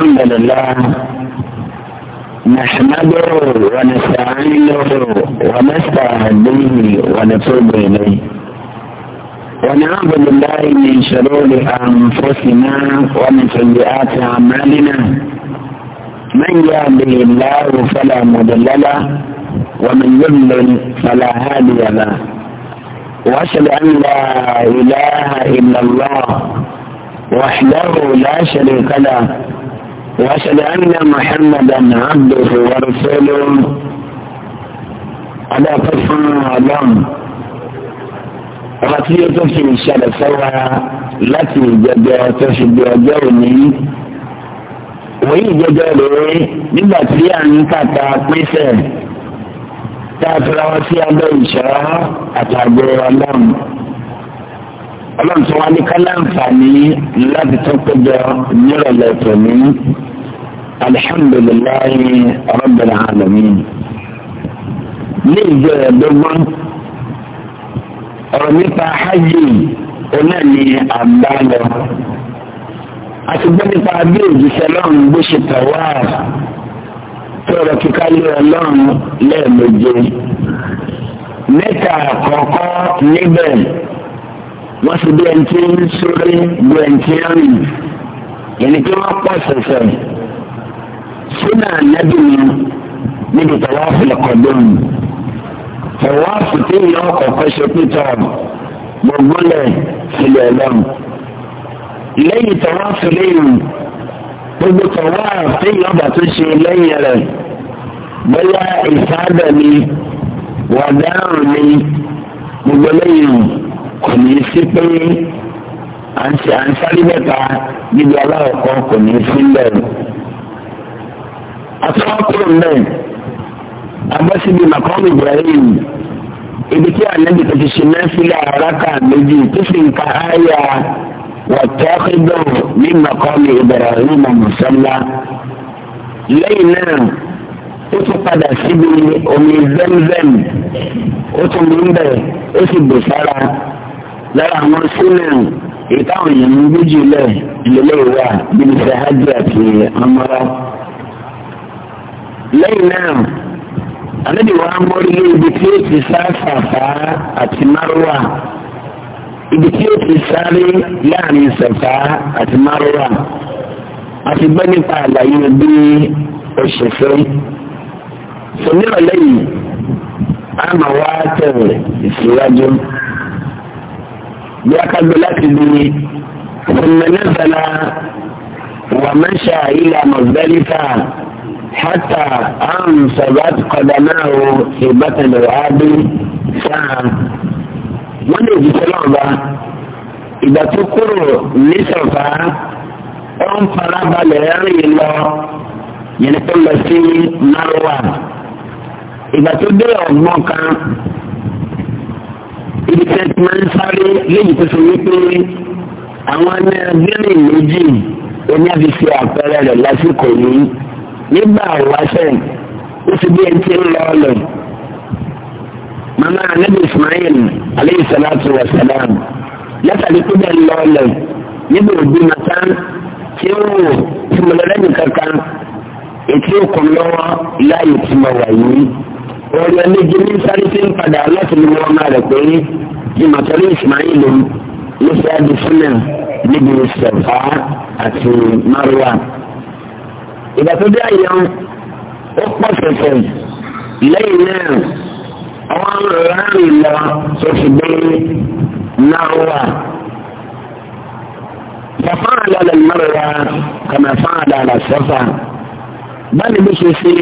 الحمد لله نحمده ونستعينه ونستهديه ونتوب إليه ونعوذ بالله من شرور أنفسنا ومن سيئات أعمالنا من يهده الله فلا مضل له ومن يضلل فلا هادي له واشهد ان لا اله الا الله وحده لا شريك له وأشهد أن محمدا عبده ورسوله على قسم أعلم ọtí yóò tó fi ìṣẹ̀lẹ̀ sọ́wọ́ láti ìjẹjẹ tó fi di ọjọ́ òní wòye ìjẹjẹ rèé nígbà tí à ń kàkà pínṣẹ tá a fira wọn sí abẹ́ ìṣọ́ àtàgbé ọlọ́run ọlọ́run tó wá ní kálá àǹfààní láti tó péjọ nírọ̀lẹ́ tòní. الحمد لله رب العالمين ní ìjọ ẹ̀ẹ́dọ́gbọ́n ọ̀rọ̀ nípa hajj oná ni àgbà lọ a ti gbọ́ nípa bí òjíṣẹ́ lọ́run bó ṣe tọ̀wá tó rọ kíká lé ọlọ́run lẹ́ẹ̀méje mẹ́ta àkọ́kọ́ níbẹ̀ wọ́n ti bí ẹni tí ń sórí bí ẹni tí ń rìn ẹni tí wọ́n pọ̀ sẹ̀sẹ̀ súnà ànábì ni níbi tàwáfù lọ́kọ̀dọ́n tàwáfù tí ìyá ọkọ̀ọ̀kọ́ ṣe pété gbọ̀gbọ́lẹ̀ sílẹ̀ lọ́n lẹ́yìn tàwáfù lẹ́yìn gbogbo tàwáfù tí ìyá ọba tó ṣe lẹ́yìn rẹ̀ bóyá ìsáàdà ni wàdáàrún gbogbo lẹ́yìn kò ní í sí pé à ń sáré mẹ́ta níbi aláwọ̀ kan kò ní í sí lẹ́yìn àti wọn kúrò mbẹ abọ́síbi màkọ́mù Ibrahim ibi tí ànábì kò ti ṣe mẹ́fìlẹ̀ àràkà méjì tó fi nǹka àyà wàtẹ́kìdọ̀ ní màkọ́mù Ibrahim mùsọ́lá lẹ́yìn náà ó tún padà síbi omi Zamzam ó tún mú bẹ̀ ó sì bò sára lára àwọn sínú ìtàwọn èèyàn méjì lẹ̀ lélẹ́yìn wà bíi sahadi àti amọ́ra lẹ́yìn náà ànábì wa mọ́rí ní ibi tí ó ti sá Sàfà àti Márùwà ibi tí ó ti sáré láàrin Sàfà àti Márùwà àti gbọ́ nípa àlàyé bí ó ṣe fẹ́. sọmíràn lẹ́yìn a máa wá tẹ̀lé ìsíwájú bí a ká gbé láti bí ọmọ náà bala wà máa ń ṣe hátà àrùn sọ̀rọ̀ kọ̀dà náà o ìbátan lè wá dé sáà wọ́n lè jí sọ́lọ́ ọba ìgbà tó kúrò ní sọ̀fà ó ń farabalẹ̀ rìn lọ yẹn tó lọ sí márùwà ìgbà tó dé ọgbọ́n kan ibi tẹ́ ti máa ń sáré léyìí tó fi wípé àwọn ẹni abẹ́rẹ́ méjì oní àfihàn àpẹẹrẹ rẹ̀ lásìkò yìí nígbà wáṣẹ́yìn ó ti bí ẹni tí ń lọ lọ. màmá anabi ismail aleyhi salatu wa salam látàrí pé bẹ́ẹ̀ lọ lọ níbi òbí màtá tí ó wò tí mo lọ lẹ́yìn kankan ètí òkun lọ́wọ́ láàyè tí mo wà yìí. orí ẹlẹ́jì ní sáré tí ń padà láti lè wọ́n máa rẹ̀ pé ní màtọ́lé ismail ló fẹ́ adé fúnẹ̀ níbi ìṣẹ̀fà àti márùwà. ìgbà tó dé àyè wọn ó pọ̀ tuntun lẹ́yìn náà àwọn rárìn lọ tó fi gbé náà wà. ففعل على المروة كما فعل على الصفا بل بشيشي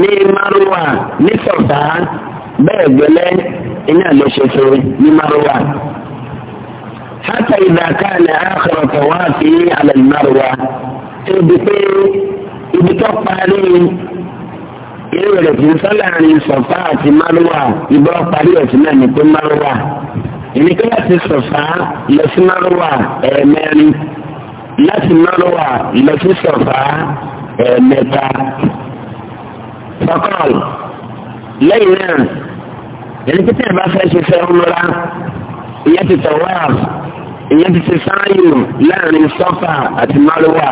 ní maruwa ní sọ̀tà bẹ́ẹ̀ gbẹ́lẹ́ iná ló ṣe ṣe ní maruwa. حتى إذا كان آخر طوافه على المروة ibi pé ibi tó parí eré rẹ̀ kì í sọ láàrin sọ̀fà àti márùwà ìbá parí ẹ̀sìn náà ní pé márùwà ìníkà láti sọ̀fà lọ sí márùwà ẹ̀ẹ̀mẹ́rin láti márùwà lọ sí sọ̀fà ẹ̀ẹ̀mẹ́ta. fọkàn lẹ́yìn náà ẹni tí tẹ̀ bá fẹ́ ṣiṣẹ́ ọmọlá ìyẹn ti tọ̀ wá ìyẹn ti ṣe sáyìn láàrin sọ̀fà àti márùwà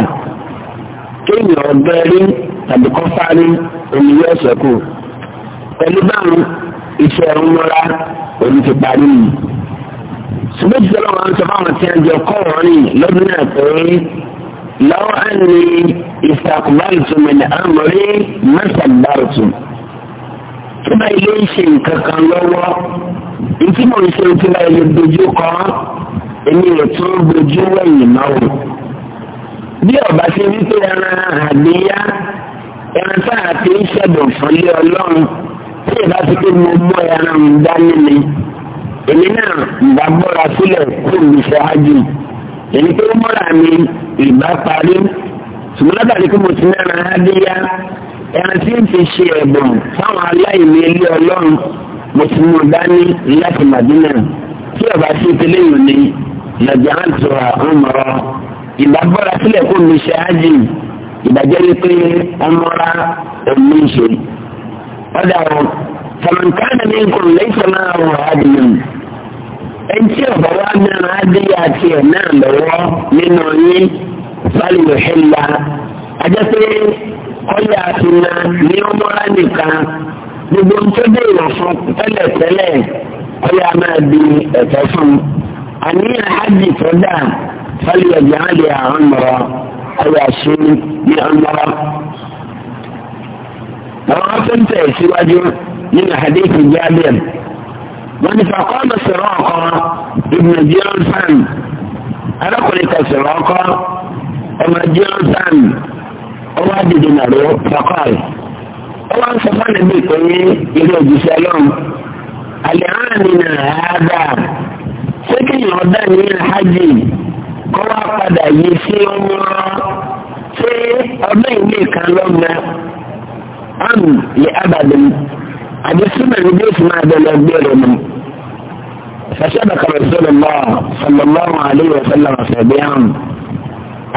kéèyàn ọgẹ́rí tàbí kọ́fárí oníyẹ ọ̀sẹ̀ kù pẹ̀lú báwọn iṣẹ́ ńlọ́ra òní ti parí yìí. ṣùgbọ́n ìṣẹ́ lọ́wọ́ ń sọ fáwọn tí a jẹ kọ́ wọ́n rìn lọ́dún náà pé lọ́wọ́ á ní ìṣàkùbárùtù mẹ́lẹ̀ àmọ́rí mẹ́sàgbárùtù. tí bá ilé ń ṣe nǹkan kan lọ́wọ́ ìtí mò ń ṣe tí dojú kọ́ èmi ò tún wẹ̀yìn náà bí ọba ṣe wí pé ẹran àgbéyá ẹran tá a ti ń ṣẹ̀dùn fúnlé ọlọ́run tí ìbá ti pé mo mú ẹran ń dání ni èmi náà ìgbà bọ́ra sílẹ̀ kó mi ṣe ájú èmi tó mọ́ra mi ìgbà parí ṣùgbọ́n látàrí pé mo ti ní ẹran àgbéyá ẹran tí ń fi ṣe ẹ̀bùn fáwọn aláìní ilé ọlọ́run mo ti mú dání láti màdínà tí ọba ṣe tẹ́lẹ̀ yìí ni lọ́jà ń tura ọmọ rọ ìdágbára sílẹ̀ kó mi ṣe ájì ìdájẹ́ wípé ọmọra òní ṣe. ọ̀dà ọ̀ tàmíkánà ní nǹkan lẹ́sọ̀ náà wọ̀ adìyẹ mi. ẹnití ọ̀bọ̀ wa náà adìyẹ àti ẹ̀ náà lọ́wọ́ nínú yín fálíwò hẹ́lá. ajẹ́ pé ọ̀yà àfihàn ní ọmọra nìkan gbogbo ń tó béèrè tẹ́lẹ̀tẹ́lẹ̀ ọ̀yà máa di ẹ̀tọ́ fún un. àníyàn ájì tó dáa. فليجعلها عمرا أو عشرين بعمرا رواه سواج من حديث جابر من فقام سراقا ابن جيرسان أنا قلت سراقا ابن جيرسان أوادد نارو فقال الله سبحانه بكم إذا جسالهم الآن هذا سكن يردان من الحجي kọ́ wá padà yí sí ọmọ ṣé ọdún ìwé kan lọ́gbà áàmù lè ábàdàn àbí súnmọ̀ ní bí ó máa bẹ̀rẹ̀ gbẹ̀rẹ̀ mu. فشبك رسول الله صلى الله عليه وسلم صبيان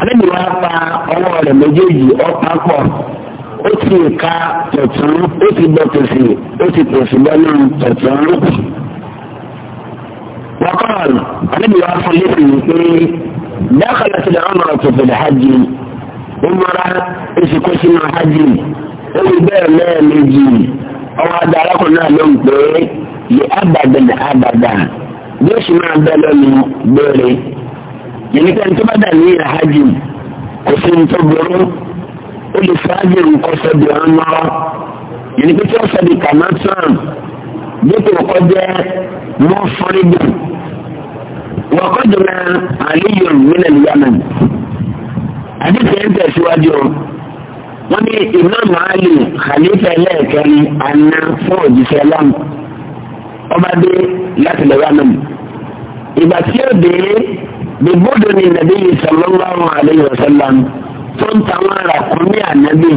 àlejò wa pa ọwọ́ rẹ̀ méjèèjì ọ̀pá pọ̀ ó ti ka tọ̀tún ó ti bọ̀ tòsì ó ti tòsì bọ́lú tọ̀tún. wọ́kọ̀ọ̀lù àlejò wa fún lẹ́sìn pé دخلت العمرة في الحج عمرة اسكوشي من الحج olùbẹ́ẹ̀ náà méjì ọwọ́ adarakùn náà ló ń pè é lè abàdàn abàdàn bí ó sì máa bẹ́ lọ́nu béèrè yẹnìkẹ́ ní tó bá dà ní ìhàjì kò sí ní tó burú ó wọ́kọ́dùnà àlíyùn mílẹ̀ yaman àdìsẹ́ ń tẹ̀síwájú wọ́n ní imam ali khalifa ẹlẹ́ẹ̀kẹrin àná fún òjíṣẹ́ lam ọba dé láti lọ yaman ìgbà tí ó dé bíbódò ní nàbí sallallahu alayhi wa sallam tó ń tàwọn ará kún ní ànábì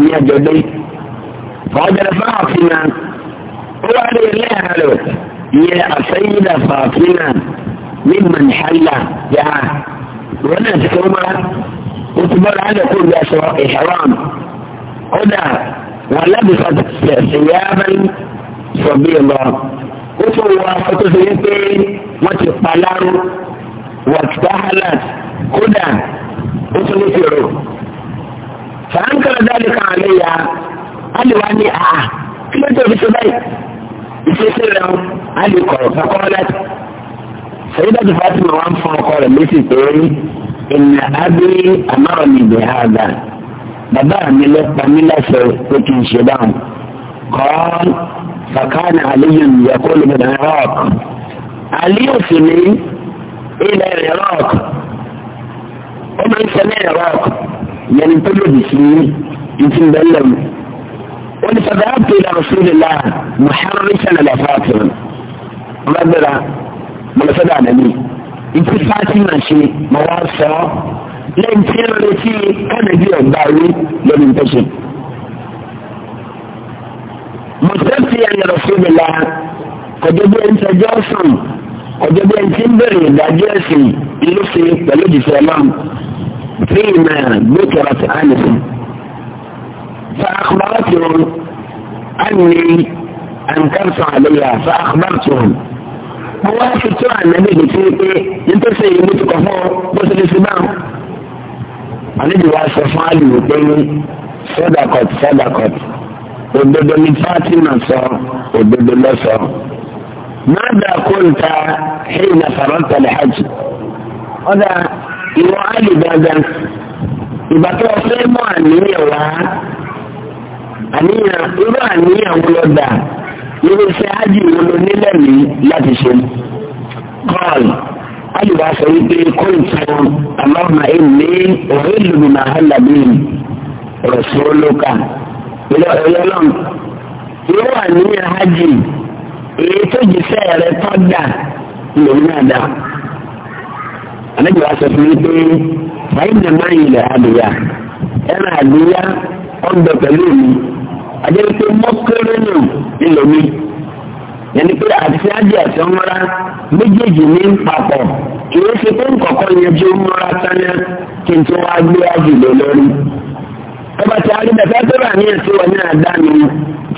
ní àjọdé ọjọ́ fáàfin ó wá rí ẹlẹ́yàrá rẹ̀ yẹ àṣẹyìndà fàáfin ممن حل بها ولا تكرمها وتبر على كل حرام هنا ولبست ثيابا صبيغة وتوافت ثيابين وتطلعوا واكتحلت هنا وتنفروا فأنكر ذلك علي قال واني اه كنت بسبيل بسيسر له قال لي قالت سيدة فاطمة وانفع قال ليسي تقول إن أبي أمرني بهذا بابا ملت ملا سيكون شدام قال فكان علي يقول من العراق علي سمي إلى العراق وما يسمى العراق يعني تجد سني يسمى بلم قلت فذهبت إلى رسول الله محرسا لفاتر فاطمة mọ̀lẹ́sọ́dọ̀ ànábì ìtì Fátímà ṣe mọ̀ wá sọ ọ́ lẹ́yìn tí ń retí kánàbí ọ̀gbà rí lórí ìtọ́sí. mọ̀tẹ́sí ẹ̀yẹ Rasulullah kọjọ́ bí ẹni tẹjọ́ sùn kọjọ́ bí ẹni tí ń bèrè ìdájọ́ ẹ̀sìn ìlú ṣe pẹ̀lú ìdìfẹ́ ọlọ́run fi ìmọ̀ gbẹ́kẹ̀rọ̀ ti ànìfẹ́. فأخبرتهم أني أنكرت عليها فأخبرتهم mo wá fi tó ànábì létí pé nítòsí èyí mo ti kọ̀ fún ọ bó ṣe lè fi bá àlejò wa sọ fún àlùwò pé ní sọdàkọt sọdàkọt òdodo ni Fatima sọ òdodo lọ sọ. ماذا قلت حين فرغت الحج؟ ọ̀dà ìwọ àlè dandan ìgbà tó o fẹ́ mọ àníyàn wá àníyàn irú àníyàn wọlọ́dà irú iṣẹ́ ájì wo ló nílẹ̀ mí láti ṣe kọ́ọ̀lù alùpàá sọ wípé kóòtù àmọ́mà èmi òhìn lùmí máa hàlà bí rọ̀ṣọ́lọ́kà ilé ọlọ́run yóò wà ní ájì èyí tó jìṣẹ́ rẹ tọ́ dà lòun náà dà àlejò aṣọ fún mi pé fàyínà máa ń yìlẹ̀ àdìyà ẹ̀rọ àdìyà ọ̀gbẹ́ pẹ̀lú mi àjẹpẹ mọ́kẹ́rẹ́nù ńlọmi yẹn ni pé àti ájì àti ọmọra méjèèjì ní papọ̀ kì í ṣe pé nkọ̀kọ́ yẹn ju ọmọra sáná kí n tún wá gbé ájì lé lórí. ọba tí a rí bàtà tó rà ní ẹ̀sìn wọn ní àdáni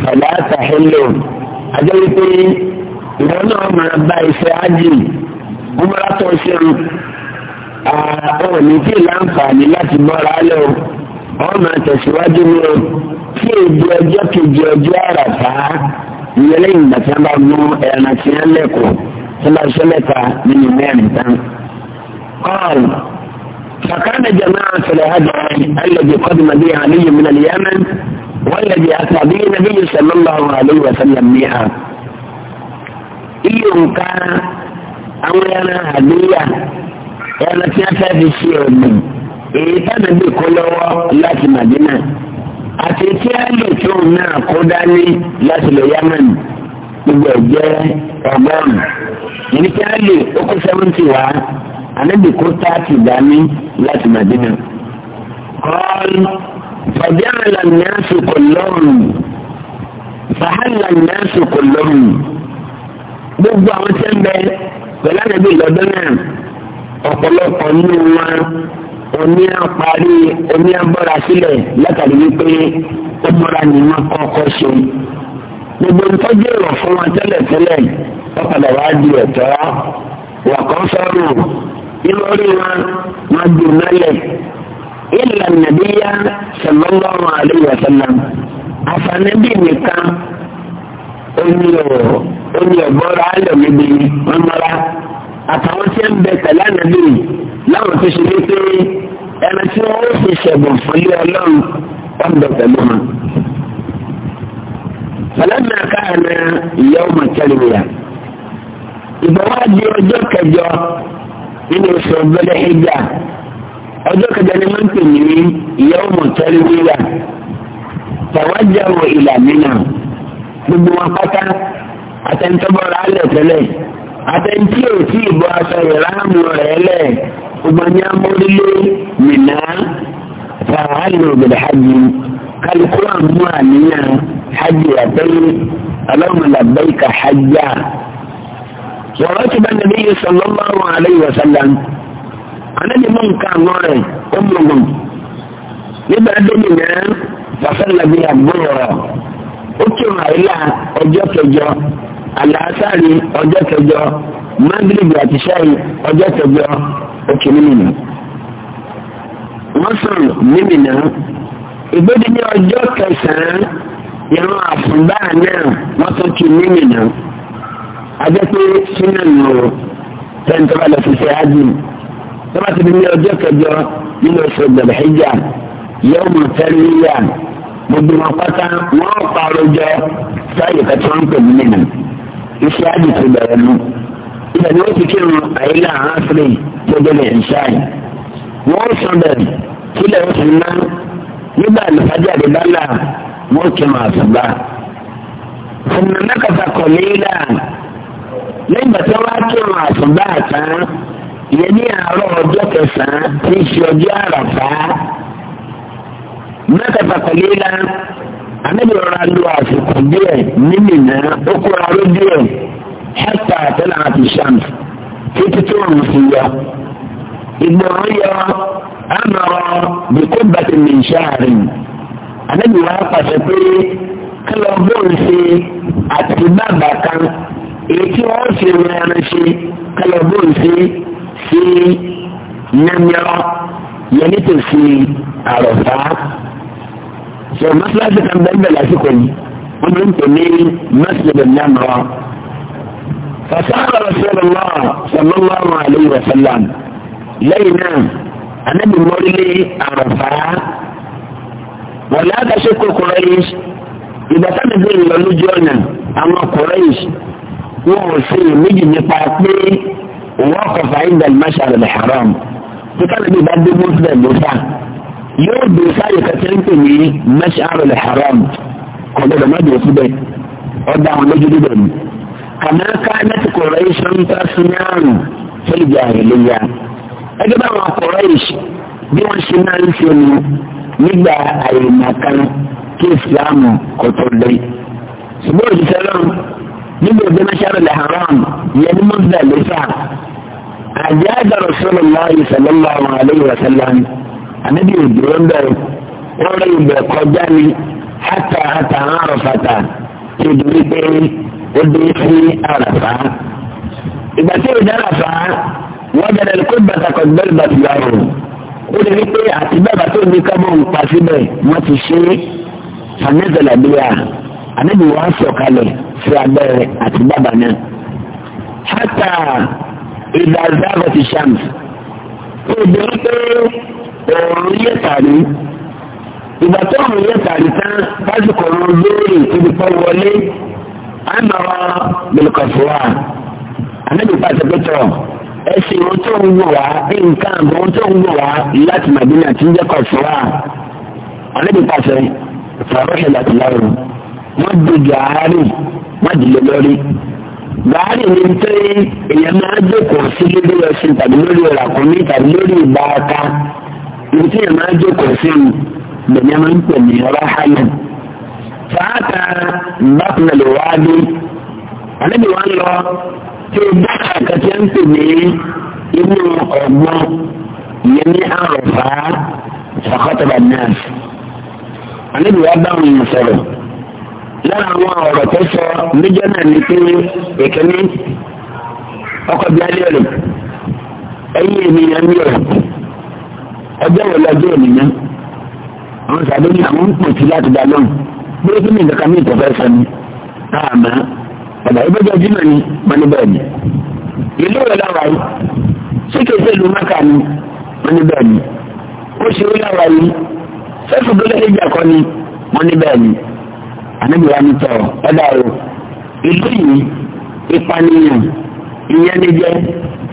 fàlà àtàhélò àjẹpẹ ìwọ náà máa bá iṣẹ́ ájì ọmọra tó ṣe ń àwọn òní tí ì láǹfààní láti bọ́ra lọ ọ máa tẹ̀síwájú ní o sí èdè ọjọ́ kejì ọjọ́ àràfá ìyẹn lẹ́yìn ìgbà tí wọ́n bá mú ẹran tí wọ́n lẹ́kọ̀ọ́ tí wọ́n bá ṣe mẹ́ta nínú mẹ́rin tán. قال فكان جماعة الهجر الذي قدم به علي من اليمن والذي أتى به النبي صلى الله عليه وسلم بها iyo nka àwọn ẹran àdéhà ẹran tí wọ́n fẹ́ẹ́ fi ṣe ọ̀gbìn èyí tánàbí àti tí a lè tó náà kó dání láti lọ Yemen gbogbo ẹ̀jẹ̀ ọgọ́rùn-ún ìní tí a lè okó sẹ́wọ́ntì wá ànábì kó táàtì dání láti Madina. kọ́ọ́n fàjẹ́ àlàmìyànsù kò lọ́rùn fàhálàmìyànsù kò lọ́rùn gbogbo àwọn tẹ́ńbẹ́ pẹ̀lú ànábì lọ́dún náà ọ̀pọ̀lọpọ̀ nínú wọn oní àparí oní àbọ̀ra sílẹ̀ látàrí wípé ó bọ́ra ní má kọ́kọ́ ṣe. gbogbo ìtọ́jú ìrọ̀ fún wa tẹ́lẹ̀tẹ́lẹ̀ wọ́n padà wá di ẹ̀tọ́ wà kọ́ sọ́rọ̀ ìlọrí wa má di mẹ́lẹ̀. ìlà nàbíyá sallallahu alaihi wasallam àfànàbí nìkan oní ọ̀bọ̀ra alẹ́ mi bí wọ́n àtàwọn tí ń bẹ tẹ̀lé ànàbí yìí lọ́rùn tó ṣe wípé ẹni tí wọ́n ó fi ṣẹ̀gùn fúnlé ọlọ́run wọ́n bẹ̀ pẹ̀lú wọn. Fọlọ́nà káàna ìyá ọmọ tẹ́lẹ̀wìyà. Ìbọ̀wádìí ọjọ́ kẹjọ nínú oṣù ọgbẹ́lẹ́ ìjà. Ọjọ́ kẹjọ ni wọ́n ń pè ní ìyá ọmọ tẹ́lẹ̀wìyà. Tàwájà wọ ìlà mìíràn. Gbogbo wọn pátá àtẹnitọ́bọ̀rọ̀ alẹ̀ tẹ́lẹ̀. Àtẹnití ò tí ì bọ́ aṣọ ìrámù rẹ̀ lẹ̀ ọgbani amórílé mìnà fàáhàlì ògbèdè hajj kálukú àmú àníyàn hajj àtẹyìn alámọlábẹ́ẹ̀kà hajjá. wọ́n ti bá nàbí yìí sallallahu alayhi wa sallam anábìmọ̀ nǹkan àwọn rẹ̀ ó mọ̀gàn nígbà dómìnà fàṣẹlẹ̀bí àgbọ̀rọ̀ ó kírun àrílà ọjọ́ kẹjọ àlàásáàrí ọjọ́ kẹjọ mágírìbì àti ṣáì ọjọ́ kẹjọ òkè mímìnà wọ́n sọ̀rọ̀ mímìnà ìgbéde ní ọjọ́ kẹsàn-án ìran àfúnbá náà wọ́n tó kì mímìnà ajẹ́pẹ́ sínú ìlú tẹ́ntọ́ba lọ sí ṣe ájìm tó bá ti di ní ọjọ́ kẹjọ nínú oṣù gbẹ̀lẹ́hìjà yóò mú tẹ́lẹ̀yà gbogbo wọn pátá wọ́n pàrọ̀ jọ sáyẹ̀kẹ́ tí ń pè mímìnà iṣẹ́ ájì ti bẹ̀rẹ̀ nù ibẹ̀ ni wọ́n ti kírun àyílà ánsìrì gbẹgbẹ́lẹ̀ ìṣáì wọ́n sọ bẹ́ẹ̀ sílẹ̀ ó sì ná nígbà àlùfájà àdébálà wọ́n kírun àṣùbà. ọ̀nà mẹ́kàtà kọ̀ léyìnlá nígbà tí wọ́n á kírun àṣùbà tán ìyẹn ní àárọ̀ ọjọ́ kẹsàn-án tí í ọjọ́ àràfá mẹ́kàtà kọ̀ léyìnlá àmì lu àsìkò díẹ̀ nínú ìná ó kóra ló حتى طلعت الشمس في تتون مصرية ابن الرية امر بقبة من شهر النبي واقع شطي كل ظل في اتباب كان يتعور في ويانشي كل ظل في في نمير ينتل يعني في عرفة فمسلا تكن بلبلا سكن ومن تنين مسجد النمر فسأل رسول الله صلى الله عليه وسلم لينا أنا بمولي عرفة ولا تشك قريش إذا كان في اللجنة أما قريش وهو في مجد نقاطي ووقف عند المشعر الحرام فكان بيبدي مسلم بوسا يوم بوسا يكتنتني مشعر الحرام قال له ما بيوسي بيه قد دعوا كما كانت قريش تصنع في الجاهلية أجب ما قريش بيوان شمال سنة نبا أي مكان في إسلام قطر لي سبوه السلام نبا بمشار الحرام ينمز يعني لسا أجاد رسول الله صلى الله عليه وسلم أنبي يدرندر ورد قداني حتى حتى عرفتا تدريبه ó dé sí àràfà ìgbà tí ó dáràfà wọ́n bẹ̀rẹ̀ kó bàtàkọ̀ gbẹ́rù bàtìgbà rò ó lè rí pé àti bàbá tó ní kábọ̀ ń pa síbẹ̀ wọ́n ti ṣe fanẹ́tẹ̀lábíà ànábì wa sọ̀kalẹ̀ sí abẹ́rẹ́ àti bàbá náà. hátà ìdàgbàgbà ti ṣàmì obìnrin pé òòrùn yẹ tàrí ìgbà tó òòrùn yẹ tàrí tán lásìkò òòrùn lórí ìpínlẹ̀ wọlé àmọ́ bìlùkọ̀fùwà ànábì pàṣẹ pẹ̀tọ̀ ẹ̀sìn ohun tó ń wò wá nǹkan àbọ̀ ohun tó ń wò wá láti màdínà tí ń jẹ́ kọ̀fùwà ànábì pàṣẹ fàrọ́ṣẹ̀ láti lárùn wọ́n di gàárì wọ́n di lé lórí gàárì ni pé èèyàn máa jókòó sí lórí ẹṣin tàbí lórí ìràkúnmí tàbí lórí ìbáaka ìrètí èèyàn máa jókòó sí lèmi máa ń pè ní ọlọ́hálẹ̀ fàáta bàtìmẹ̀lì wáájú ànábì wa ń lọ tí o bá àkàtì ń pè ní inú ọgbọ́n ìyẹn ní àròfà fàkọ́tàbà náà ànábì wa bá wọn sọ̀rọ̀ lára àwọn ọ̀rọ̀ tó sọ níjọ́ náà ní pé ìkíní ọkọ̀ bí alẹ́ rẹ̀ ẹ̀yìn ènìyàn ní ọ̀rọ̀ ọjọ́ wo lọ́jọ́ ènìyàn àwọn sàdé àwọn ń pòtí láti dá lóhùn bóyá kí ni nǹkan kan ní ìtọ́fẹ́ sọ ni àmọ́ ọ̀dà ìbẹ́jọ́ jimá ni wọ́n ní bẹ́ẹ̀ ni ìlú rẹ̀ láwa yìí sí kèsè ìlú mẹ́ka ni wọ́n ní bẹ́ẹ̀ ni ó ṣe ó láwa yìí sẹ́fù bẹ́ẹ̀ lẹ́jà kọ́ ni wọ́n ní bẹ́ẹ̀ ni ànábìyá ni tọ̀ ọ̀dà o ìlú yìí ìpànìyàn ìyẹnijẹ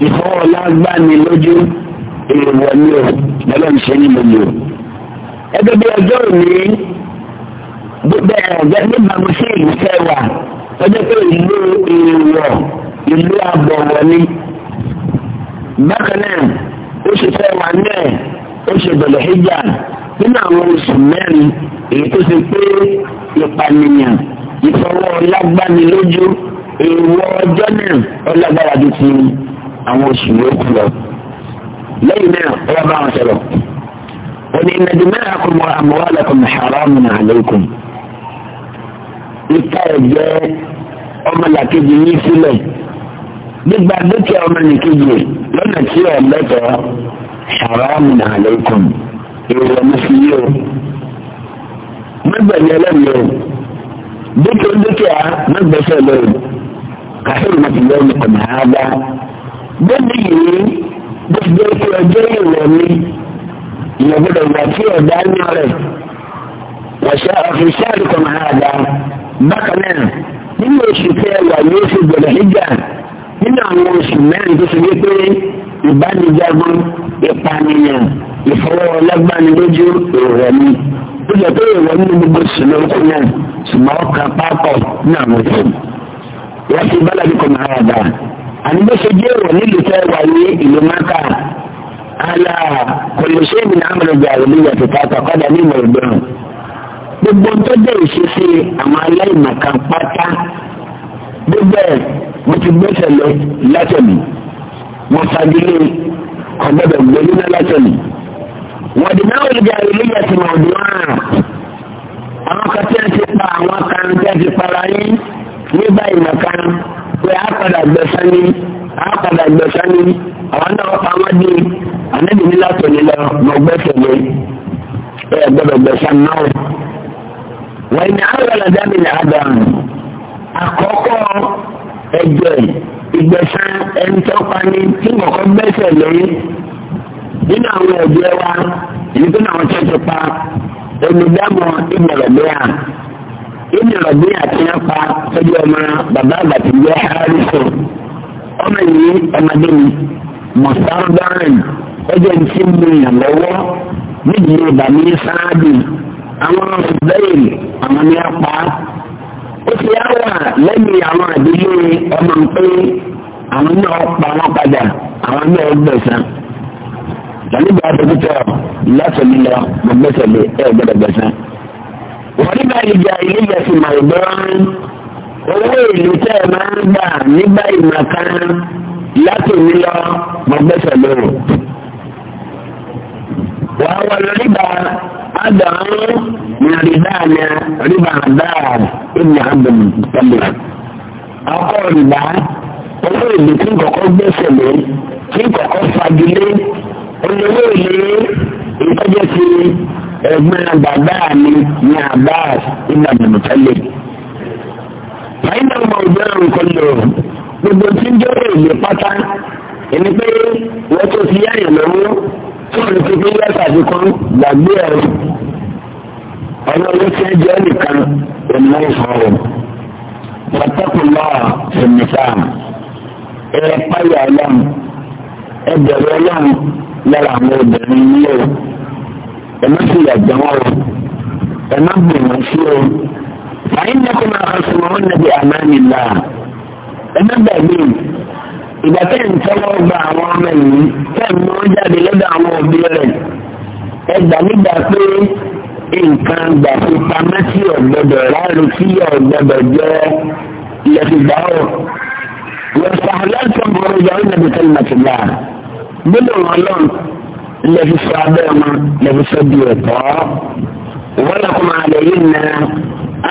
ìfọwọ́lágbánilójú èèwọ̀ ni o lọ́lọ́ bẹ́ẹ̀ níbàámu sí ìlú fẹ́wà ọjọ́ pé ìlú ìwọ̀ ìlú àbọ̀wọ̀ ni. bákan náà oṣù fẹ́wà náà oṣù bẹ̀lẹ̀ hijab nínú àwọn oṣù mẹ́rin èyí tó ṣe pé ìpànìyàn ìfọwọ́ ọlágbáni lójú èèwọ̀ ọjọ́ náà ọlágbára ju ti àwọn oṣù yòókù lọ. lẹ́yìn náà ọba bá wọn sọ̀rọ̀. وإن دماءكم وأموالكم حرام عليكم ìka ẹ̀jẹ̀ ọmọlàkejì ní sílẹ̀ gbígba dúkìá ọmọlàkejì lọ́nà tí ọ̀ lẹ́tọ̀ọ́ ṣàrámù nàlẹ́kùn èrò mùsùlùmí o mẹgbẹ̀ni ẹlẹ́mi o dúkìá dúkìá mẹgbẹ̀sẹ̀ lóyún kàfíìn màtìlẹ́ ọmọkùnrin àádá bẹ́ẹ̀ni yìí bó ti jẹ́ pé ọjọ́ ìwọ̀ mi ìyẹ̀gbọ́dọ̀ ìgbà tí ọ̀dá ń yọ rẹ̀ wọ̀ṣẹ́ ọ̀fíìsì àdìkọ̀mọ̀ àádá bákan náà nínú oṣù tẹ wà ní oṣù gbọdọ̀ hijab nínú àwọn oṣù mẹ́rin tó ti gbé pé ìbánijagun ìpànìyàn ìfọwọ́lágbánilójú ìrọ̀ ni ó jẹ́ pé ìrọ̀ nínú gbogbo sùlọ́kù náà ṣùgbọ́n ọkà pápọ̀ ní àwọn oṣù wọ́n ti bálàbí kọ̀ máa rà dáa jẹ́ ìrọ̀ nílùú tẹ́ wà ní ìlú Mákà ala kòlùsẹ́ẹ̀mì náà mọ̀lẹ́gbẹ̀ àwọn olùyàtọ̀ pátá kọ́dà ní gbogbo tọ́jú ìṣesí àwọn aláìmọ̀kan pátá gbogbo ẹ̀ mo ti gbẹ́sẹ̀ lọ látọ̀lì wọ́n fagilé ọ̀gbọ́dọ̀ gbẹ́lúná látọ̀lì wọ́n di náà olùdí àrílẹ́yà tí wọ́n dùn án àwọn kan tí a ti pa àwọn kan tí wọ́n ti para yín ní báyìí mọ̀kan pé a padà gbẹ̀sán ni a padà gbẹ̀sán ni àwọn náà pa wọ́n dé ànábìíní látọ̀lì lọ mọ̀ gbẹ́sẹ̀ lé ẹ̀ gbọ́dọ̀ gbẹ̀sán náà. wọ́n ní àwòrán dábì ní ádámù àkọ́kọ́ ẹ̀jẹ̀ ìgbẹ̀san ẹni tó pani tí mo kọ́ lórí nínú àwọn ẹ̀jẹ̀ wa èyí tó náà tó ti pa olùdámọ̀ ìmọ̀lẹ́bíà ìmọ̀lẹ́bíà tí wọ́n pa tọ́jú ọmọ bàbá àgbàtì hariso ọmọ yìí ọmọdé mi mọ̀sáàbárìn ọjọ́ ìtì mú ìyàn lọ́wọ́ nídìí ìbàmí àwọn ọ̀gbẹ́yìn àwọn ní apá ó ti á wà lẹ́yìn àwọn àdúgbò ọmọ pé àwọn náà pa wọn padà àwọn náà gbẹ̀sán tàbíbi àdókítà lásìlè lọ gbẹ̀sẹ̀lẹ̀ ẹ̀ gbọ́dọ̀ gbẹ̀sán. wọ́n nígbà ìjà ilé ìjọsìn màá gbọ́n owó ìlú tẹ́ ẹ máa ń gbà nígbà ìmọ̀ kan látòmí lọ gbẹ̀sẹ̀lẹ̀ rò. wàá wọlé nígbà أدعو من ربانا ربا دار ابن عبد المطلب أقول ربا owó èlé tí kọ̀kọ́ gbèsè lé tí kọ̀kọ́ fagilé olówó èlé ìtọ́jọ́ ti ẹ̀gbọ́n bàbá mi ní Abbas ibn Abdulmutallib. Fàyínà ọmọ òjò nǹkan lò gbogbo tí ń jọ́rọ̀ èlé pátá ẹni pé wọ́n tó fi yáyàn lọ́wọ́ tí wọ́n ti fi lẹ́tàdí kan gbàgbé ẹ̀rọ ọ̀nà olóṣèlú jẹ́ nìkan ìmọ̀ ìfọ̀rọ̀ pàtàkùnlá ìmìta ẹ̀rọ páyà ọlọ́run ẹgbẹ̀rún ọlọ́run lára àwọn obìnrin ilé o ẹ̀mọ́ sì yàgbẹ́ wọn o ẹ̀mọ́ gbìmọ̀ sí o àyíǹdẹ́kùnrin àkọsùnmọ́ wọn nàbí àmánìlá ẹ̀mọ́ bẹ̀rẹ̀ ìgbà tẹ́ ń tẹ́wọ́ gba àwọn ọmọ yìí tẹ́ ń mú jáde lọ́dọ̀ àwọn òbí rẹ̀ ẹ gbà nígbà pé nǹkan gbà fi pamọ́ sí ọ̀gbọ́dọ̀ láàrin sí ọ̀gbọ́dọ̀ jẹ́ ìyẹ̀fìgbà ọ̀ wẹ̀sàlẹ́sọ̀ mọ̀rọ̀ yàrá nàbí tẹ́lẹ̀ màtìlá gbọ́dọ̀ wọn lọ́n lẹ́fi sọ abẹ́ wọn lẹ́fi sọ di ẹ̀tọ́ wọ́n lọ́kọ́ máa lè yín na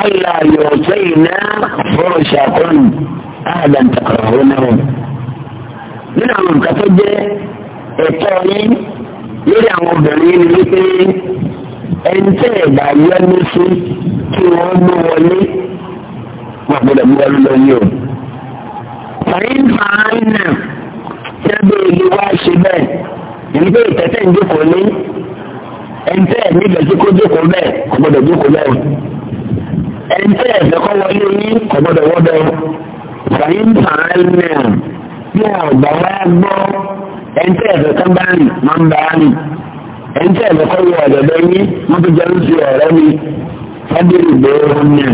ayé ayọ̀ ọ̀sẹ̀ yìí ná fọ́ọ̀ṣà kan áàdà ń takọ̀rọ̀ wọn náà nínú àwọn nǹkan tó jẹ́ ẹ̀tọ́ yín lórí àwọn obìnrin yín ni wípé ẹni tẹ́ ẹ̀ bá yọnu sí kí wọ́n mú wọlé wọn gbọ́dọ̀ mú wọlé lóyún o. fàyín fàáyín náà tẹ́bí ìlú wa ṣe bẹ́ẹ̀ èyí pé ìtẹ́tẹ́ ń jókòó ní ẹni tẹ́ ẹ̀ níbẹ̀ tí kò jókòó bẹ́ẹ̀ kò gbọ́dọ̀ jókòó bẹ́ẹ̀ ẹni tẹ́ ẹ̀ fẹ́ kọ́ wọlé yín kò gbọ́dọ̀ wọ́ bẹ́ẹ̀ fàyín fàáyín náà tí àgbà wá gbọ́ ẹ̀ńtẹ́ ẹ̀fẹ̀ kan bá rìn máa ń bá a rìn ẹ̀ńtẹ́ ẹ̀fẹ̀ kan wọ ọ̀dọ̀dọ̀ yín wọ́n ti jẹun sí ọ̀rẹ́ mi fábíyì gbòòrò náà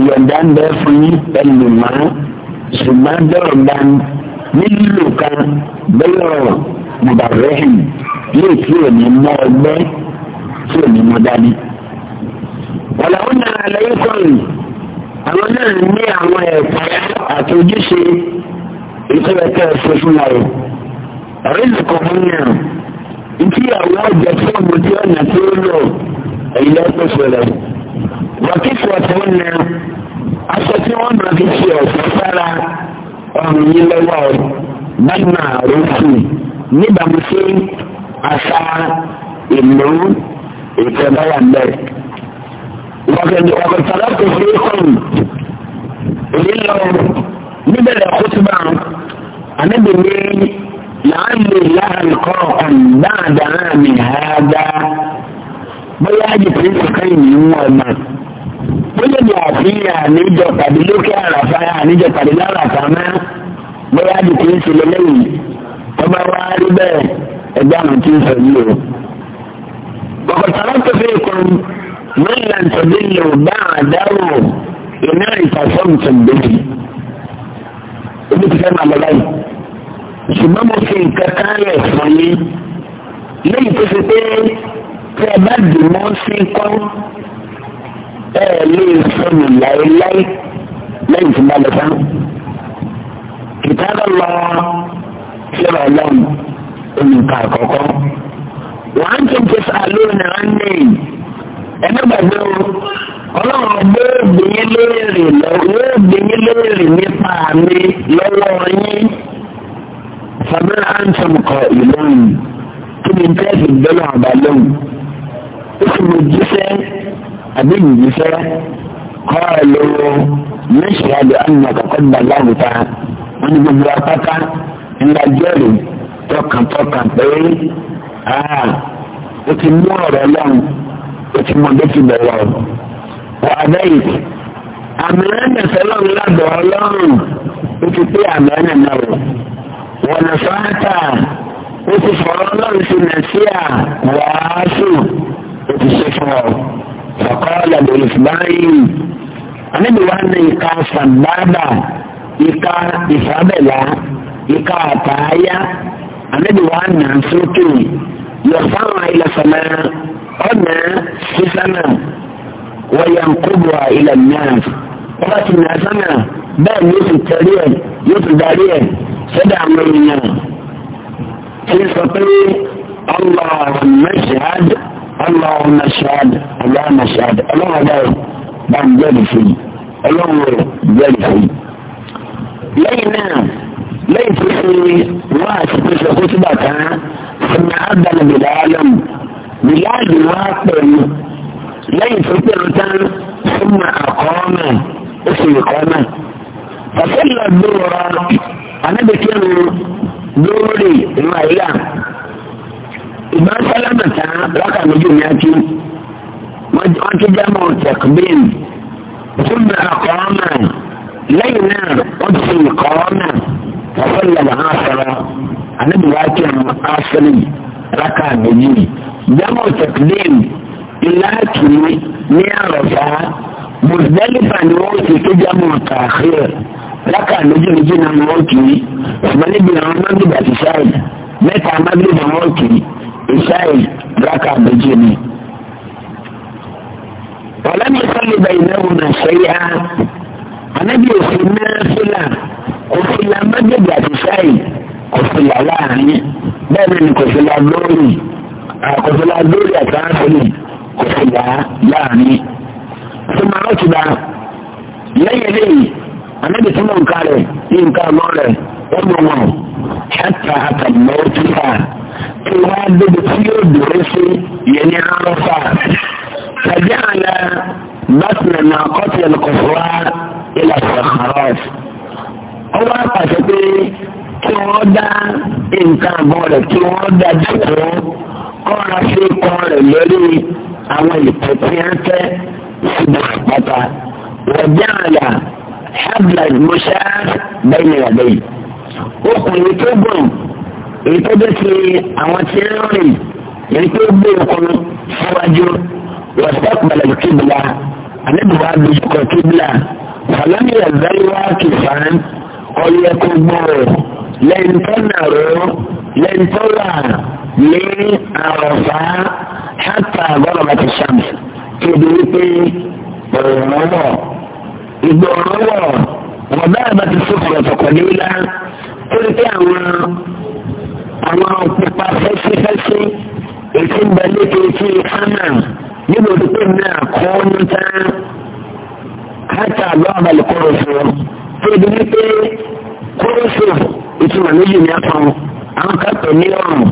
ìyọ̀dá ń bẹ fún yín ẹnu mọ́ ṣùgbọ́n bẹ́ẹ̀ bá nílò kan bẹ́ẹ̀ ọ̀rọ̀ mùbàrẹ́hìn yóò tí ò ní mọ́ ọgbẹ́ tí ò ní mọ́ dání. ọ̀làwọ̀n náà lẹ́yìn kọ́rin àwọn náà ní àwọn ẹ̀kọ́ ìtura ẹ̀ka ẹ̀fọ́ fún wa o ọ̀rẹ́dì kò mú yàn ntí àwọn ọjà tí wọn bójú ọ̀nà tí ó lò ẹ̀yìn lọ́pọ̀ sọ̀rọ̀ bàkìtì ọ̀tí wọn nà aṣọ tí wọn máa fi ṣe ọ̀sán sára ọ̀rùn yìí lọ́wọ́ o báyìí máa rò àṣà ìlú ìtẹ̀lẹ́ bẹ́ẹ̀. wọ́n kẹ́ni ọ̀kọ̀tàlá kò fi kọ́ níbẹ̀rẹ̀ kútùbà ànábì ní làálù láàrin kọ̀ọ̀kan dáadáa mi háàdá bóyá àjùpọ̀ ní kankan yìí ń wọ̀ náà bóyá ní àfihàn àníjọ tàbí lókè àràfà àníjọ tàbí láràfà náà bóyá àjùpọ̀ ní ṣẹlẹ̀ lẹ́yìn ọba wa rí bẹ́ẹ̀ ẹgbẹ́ àwọn tí ń sọ yìí o. ọ̀kọ̀tàrà tó fi kún mílíọ̀nù tó dín lò bá àdáwò ìná ìfàsọ́ǹtò gbèsè ibi tí fẹ́ máa lọ báyìí ṣùgbọ́n mo fi nǹkan kan rẹ̀ fún yín lẹ́yìn tó ṣe pé tí ẹ bá dì mọ́ sí kán ẹ lè sọnù láéláé lẹ́yìn tí mo lọ sáà kìtàbà lọ sílẹ̀ ọlọ́run olùkọ́ àkọ́kọ́ wọ́n á tún tẹ̀sán lónìí rán nẹ́yìn ẹlẹ́gbàgbé o ọlọ́run gbé gbìyín léèrè lọ́wọ́ gbìyín léèrè nípa mi lọ́wọ́ yín fàbílà hansom kọ ìlóyìn kí ni tẹ́sí gbẹ́lọ́ àbálẹ́wò ó sì lè jíṣẹ́ àbí ìjíṣẹ́ kọ́ ẹ lọ́wọ́ mẹ́sì àbí àmì àkọ́kọ́ gbàgbàgùtà wọn ni gbogbo apáta ńlá jẹ́rìí tọkàntọkàn pé ó ti mú ọ̀rọ̀ lọ́wọ́ ti mọ bí ti bẹ̀rẹ̀ ọ̀rọ̀. Wà á bẹ́ẹ̀ yìí. Àmì ẹ̀nà sẹ́lọ̀ ńlábọ̀ ọlọ́run ó ti pé àmì ẹ̀nà náà rò. Wọ́n lọ sọ́ọ́tà ó ti fọ̀rọ̀ ọlọ́run sí Nàìjíríà wàásù ó ti ṣe fún ọ. Sọ̀kọ́ ọ̀làdọ̀ ìfúbáyì. Àníbi wá ní ìka sàgbáàbà, ìka ìfábẹ̀lá, ìka àtàáyá. Àníbi wá nà sókè. Yọ̀ sáwọn ilẹ̀ sọ̀mẹ́rẹ́. أنا حسنا وينقضها إلى الناس ولكن الناس أنا بل يوصل تاريخ يوصل تاريخ سدع في تستطيع اللهم اشهد اللهم اشهد اللهم اشهد اللهم اشهد بان جلسي اللهم جلسي لينا ليس في واسطة خطبة ثم أذن بالعالم بلاد واقم ليس فترة ثم اقام اسم اقامة فصل الدورة انا بكين دوري ما هي ما سلمتا لقى نجوم ياتي وانت جمع تقبيل ثم اقام لينا اسم اقامة فصل العاصرة انا بواكي عاصري ركع نجوم jamu takdim ìlàkì ní àròfà Muzdalifa ni wọ́n ti ké jamu ta'khir lákà méjìméjì náà ni wọ́n kì í ṣùgbọ́n níbi àwọn mágbèbà ti ṣáì mẹ́ta mágbèbà wọ́n kì í ṣáì lákà méjì ni. ولم يصل بينهما شيئا anabi òfin mẹ́rẹ́fílà òfin la mágbèbà ti ṣáì òfin làlá àárín bẹ́ẹ̀ ni kò fi la àkọsílẹ̀ lórí àtàkùnrin kò sì wá láàrin. sọmọ àwọn ti bá lẹ́yìn eléyìí anábì tí mo ń ka rẹ̀ ní nǹkan ọmọ rẹ̀ wọ́n mọ̀ wọ́n ṣáàtà àtàlùmọ́ tó fà tí wọ́n á débi tí yóò dúró sí yẹn ní rárá fà. tàbí àlà bàtìrì náà kọ́tì ẹ̀lùkọ̀fọ́wá ilà sàkàrọ̀t. ọwọ́ àpàṣẹ pé kí wọ́n dá nǹkan àbọ̀ rẹ̀ kí wọ́n dá dúró ọ̀rọ̀ àṣekọ rẹ̀ lórí àwọn ìtàn tí a ń fẹ́ síbi àpáta wọ̀jẹ́ àlà hablad musa bẹ́ẹ̀ni àbẹ́yì. okùnrin tó gùn èyí tó dé ti àwọn tí ń rìn èyí tó gbé okùn síwájú wọ́n sọ́kù balẹ̀ kíbla àlébùwá bíi kọ̀ kíbla sàlámì ẹ̀zẹ́ wá kìfàn ọ̀yẹ́kùn gbòòrò. لانتظروا لانتظر من عرفة حتى غربت الشمس كبيتي بالنظر بالنظر وذهبت السفرة قليلا قلت أنا أنا أطلق فسي فسي اسم بلتي في حمام يقول إنا كنت حتى غرب القرص كبيتي kúrúfù ìtumọ̀ méjì ní apá wọn àwọn kan pè ní ọrùn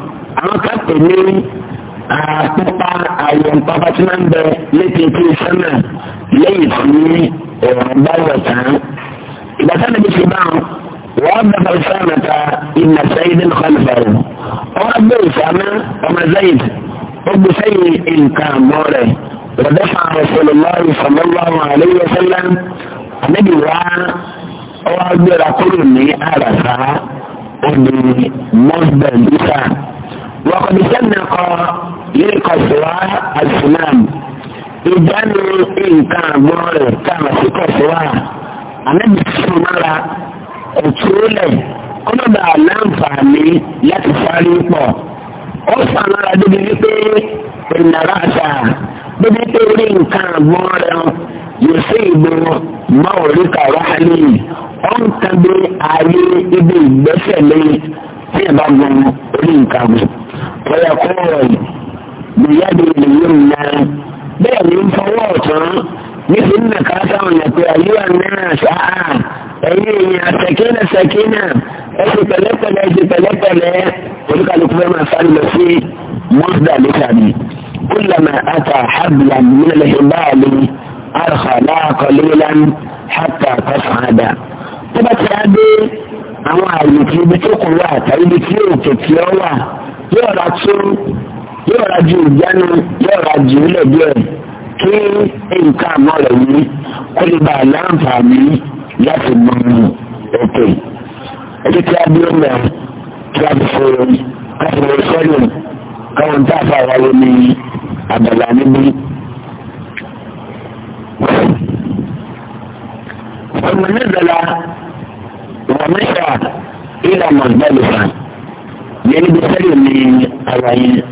àwọn kan pè ní àpapa àyẹ̀n pápá tí wọ́n ń bẹ létí etí sẹ́nà lẹ́yìn tí ọ̀rọ̀ bá wọ̀ tán. ìgbà sẹ́nà bí ti bá wọn wọ́n bẹ̀rẹ̀ sẹ́nà ta ìmọ̀ sẹ́yìn ní kọ́lùfà rẹ̀ wọ́n bẹ̀ ìsàmì ọmọ zayid ó sẹ́yìn nǹkan àmọ́ rẹ̀ rẹ̀ dẹ́fà rẹ̀ sọ̀rọ̀ lọ́rùn ọwọ́ agbéra kúrò ní àràsá òní mọ́sbẹ̀ níta wọ́kọ̀dé sẹ́nà kọ yìí kọ síwá àsìlám ìjánu nǹkan àgbọ̀n rẹ̀ káàmà sí kọ síwá ànábì fún mára òtúrúlẹ̀ kọ́mọ̀dà láǹfààní láti sáré pọ̀ ó sàmára débi wípé ìnàrà àṣà débi pé orí nǹkan àgbọ̀n yusibu mawrika rahli ọ̀n kan bí ayé ibi ìgbésẹ̀ lé tí ẹ̀ bá gun orí nǹkan mi. ọ̀yà kọ́ọ̀rọ̀ ìgbéyàwó ìlú ńlá bẹ́ẹ̀ ni ń fọwọ́ ọ̀tún níbi nínú ká sáwọn yẹn pé ayé àná ṣáà ẹ̀yìn èèyàn sẹ̀kínà sẹ̀kínà ẹ̀sìn pẹ̀lẹ́pẹ̀lẹ́ ẹ̀sìn pẹ̀lẹ́pẹ̀lẹ́ oníkàlùkù fẹ́ máa sáré lọ sí mọ́sídà lẹ́sàbí. kúlọ̀mà àtà hábìlà nílẹ̀ lẹ́sìn báàlì àrùkọ̀dá kọ̀lélán hàtà tọ́sànádà. tó bá ti á dé àwọn àyè tí ibi tó kù wà tàbí ibi tí òkè tí ó wà yóò ra tún yóò ra ju ìjánu yóò ra jù ú lẹ́gbẹ̀ẹ́ kí nǹkan àmọ́ rẹ̀ yìí kó lè bá láǹfààní láti gbọ́n ètò ẹ̀jẹ̀ tí a dúró mẹ́ kí a fi káfíńsọ́lù káwọn tá a fà wáyé ní àbàlá níbí. ثم نزل ومشى إلى مزدلفة يعني بسلم من أربعين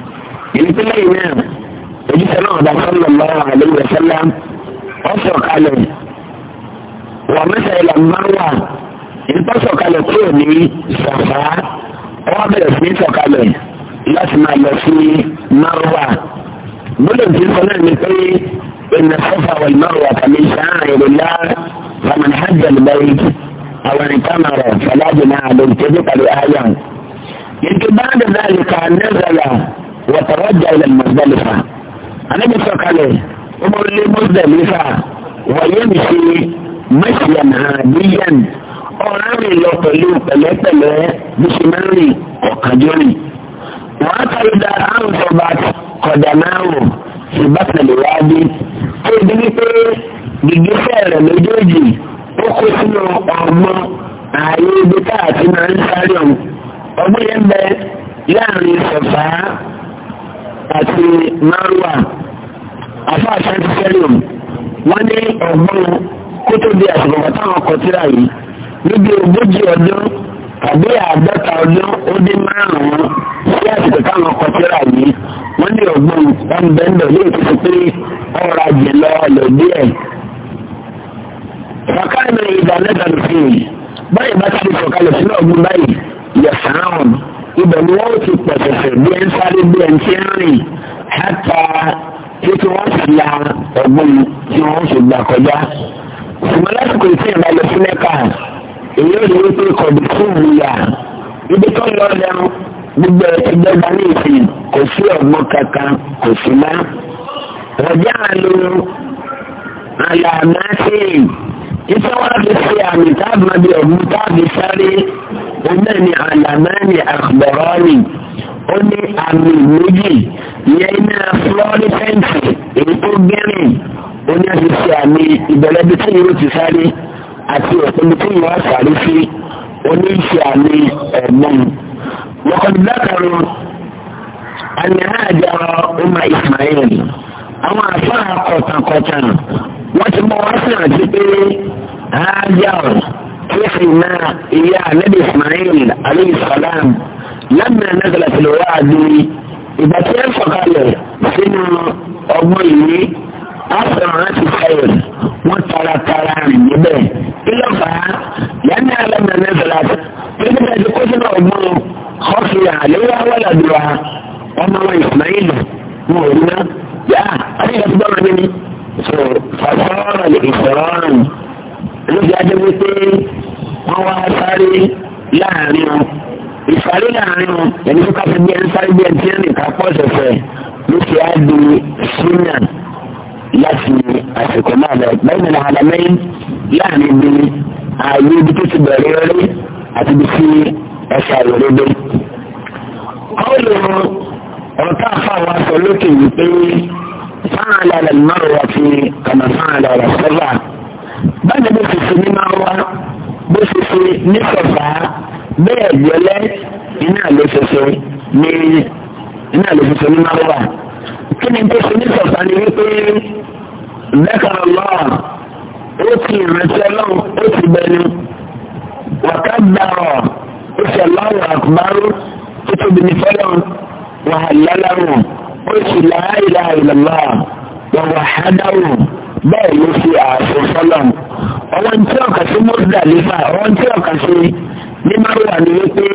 يعني كل يوم يجي سنة صلى الله عليه وسلم أسرق عليه ومشى إلى المروة انتصر على كوني صفا وابل اسمي سقالي لاسمع لسي مروة بلن في صنع نقول إن الصفا والمروة من شعائر الله فمن حج البيت أو اعتمر فلا جناح بالتبقى لآيان يمكن بعد ذلك نزل وتوجه إلى المزدلفة أنا بسرق عليه أمر مزدلفة ويمشي مشيا عاديا ọ̀rẹ́rìn لو pẹ̀lú pẹ̀lẹ́pẹ̀lẹ́ bí ṣe máa وأتى إذا ọ̀kànjọ́rìn wọ́n á ìbátanlè wá dé ó di wípé gègésẹ̀ rẹ̀ méjèèjì ó kó sínú ọgbọ́n ààyè ibi tá a ti máa ń sáré ọ̀hún ọgbọ́n yẹn bẹ láàrin sọ̀fà àti márùwà afọ àṣàntì sẹ́lẹ̀m wọ́n ní ọgbọ́n kó di àsìkò kọ́tà ọkọ̀ yìí níbi ogójì ọdún tàbí àádọ́ta ọdún ó dé márùn-ún sí àsìkò táwọn ọkọ̀ tíra yìí wọ́n ní ọgbọ́n ọ̀nbẹ́ńdọ̀ lè tó pé ọ̀rọ̀ ajé lọ lòdì ẹ̀. sọ̀kalẹ̀ ìdánilẹ́ta ló fi yìí báyìí bá ti sọ̀kalẹ̀ sínú ọgbọ́n báyìí yẹ̀sán ọ̀hún ibẹ̀ ni wọ́n ti pẹ̀sẹ̀sẹ̀ bí ẹ ń sáré bí ẹ ń ti rìn hátà tí tí wọ́n sì la ọgbọ́n tí wọ́n sì gbà kọjá. ṣùgbọ́n lásìkò ìsìn ìbálẹ̀ èyí ò ní wípé kò ní fún ìyá ibi tó lọ lẹ́nu gbogbo ẹgbẹ́ gba ní ìsìn kò sí ọgbọ́n kankan kò sí má. rọ̀jà lu àlàmásì iṣẹ́ wa fi ṣe àmì táàbù àbí ọ̀gbun táàbù sáré ọgbẹ́ ni àlàmánì àgbọ̀rọ́rì ó ní àmì méjì ìyẹn iná fúlọ́rìsẹ́ǹtì èyí tó gẹ́rìn ó ní àti ṣe àmì ìbẹ̀rẹ̀ bí tí yóò ti sáré àti òpin tí ìwà sàrí sí oníṣẹ́ àmì ẹ̀gbọ́n. Wọ́kọ̀dù dákàrò àníhàn àjọ ọmọ Ismail. Àwọn àfáà kọ̀tàkọ̀tà wọ́n ti mọ wá sí àti pé àájá kíkì náà ìyá ànábì Ismail alayhi salam lámìnà nàgàlà tìlúwà àdúrí ìgbà tí ẹ sínú ọgbọ́n ìwé àfẹ̀mọ́ ti fẹ́yẹ̀ wọ́n taratara rìn níbẹ̀ ilé fà á yẹn náà lẹ́nu ẹ̀ lẹ́sọ̀rọ̀ àti pẹ̀lú ẹ̀dí kó sínú ọ̀gbọ́n ọ̀fi àléwá wọ́lá dùrà ọmọ wọn ìsmáìlì wọn ò ná yá àdéhùn ti bọ́ọ̀rọ̀ nínú so fàfọ́ọ̀rọ̀ lè fọ̀rọ̀ọ̀rọ̀ lóbi adé wípé wọ́n wá sáré láàrin wọn ìsáré láàrin wọn ẹni tó ká bí ẹni sáré bí ẹni tí ẹni ká pọ̀ ṣẹ̀ṣẹ̀ ló ti á di sínyàn láti àsìkò náà lọ lẹ́yìn náà alamẹ́yìn láàrin ibi ààyè ibi tó ti bẹ̀rẹ̀ orí àti ibi tí ẹ̀ṣà ìrọ̀lẹ́ dé. kọ́ọ̀lù ọ̀tá fáwọn aṣọ lókè wípé fáàlà rẹ̀ márùn àti kàmá fáàlà rẹ̀ sọ́fà báyìí bó ṣe ṣe ní máa wá bó ṣe ṣe ní sọ̀fà bẹ́ẹ̀ gbẹ́lẹ́ iná ló ṣe ṣe ní iná ló ṣe ṣe ní máa wá kí ni tó ṣe ní sọ̀tà ni wípé mẹ́kàrà lọ́wọ́ ó ti ìrántí ọlọ́run ó ti bẹnu wàká gbàrọ̀ ó ṣe láwọn àkùbárú tó tóbi ní fẹ́lọ́run wàhálà láwọn ó sì láàyè àìlọ́lá wàhálà hádáwò bẹ́ẹ̀ ló fi ààfin fọ́lọ́run ọwọ́n tí ọ̀kà sí mọ́tò àlífà ọwọ́n tí ọ̀kà sí ní márùwà ni wípé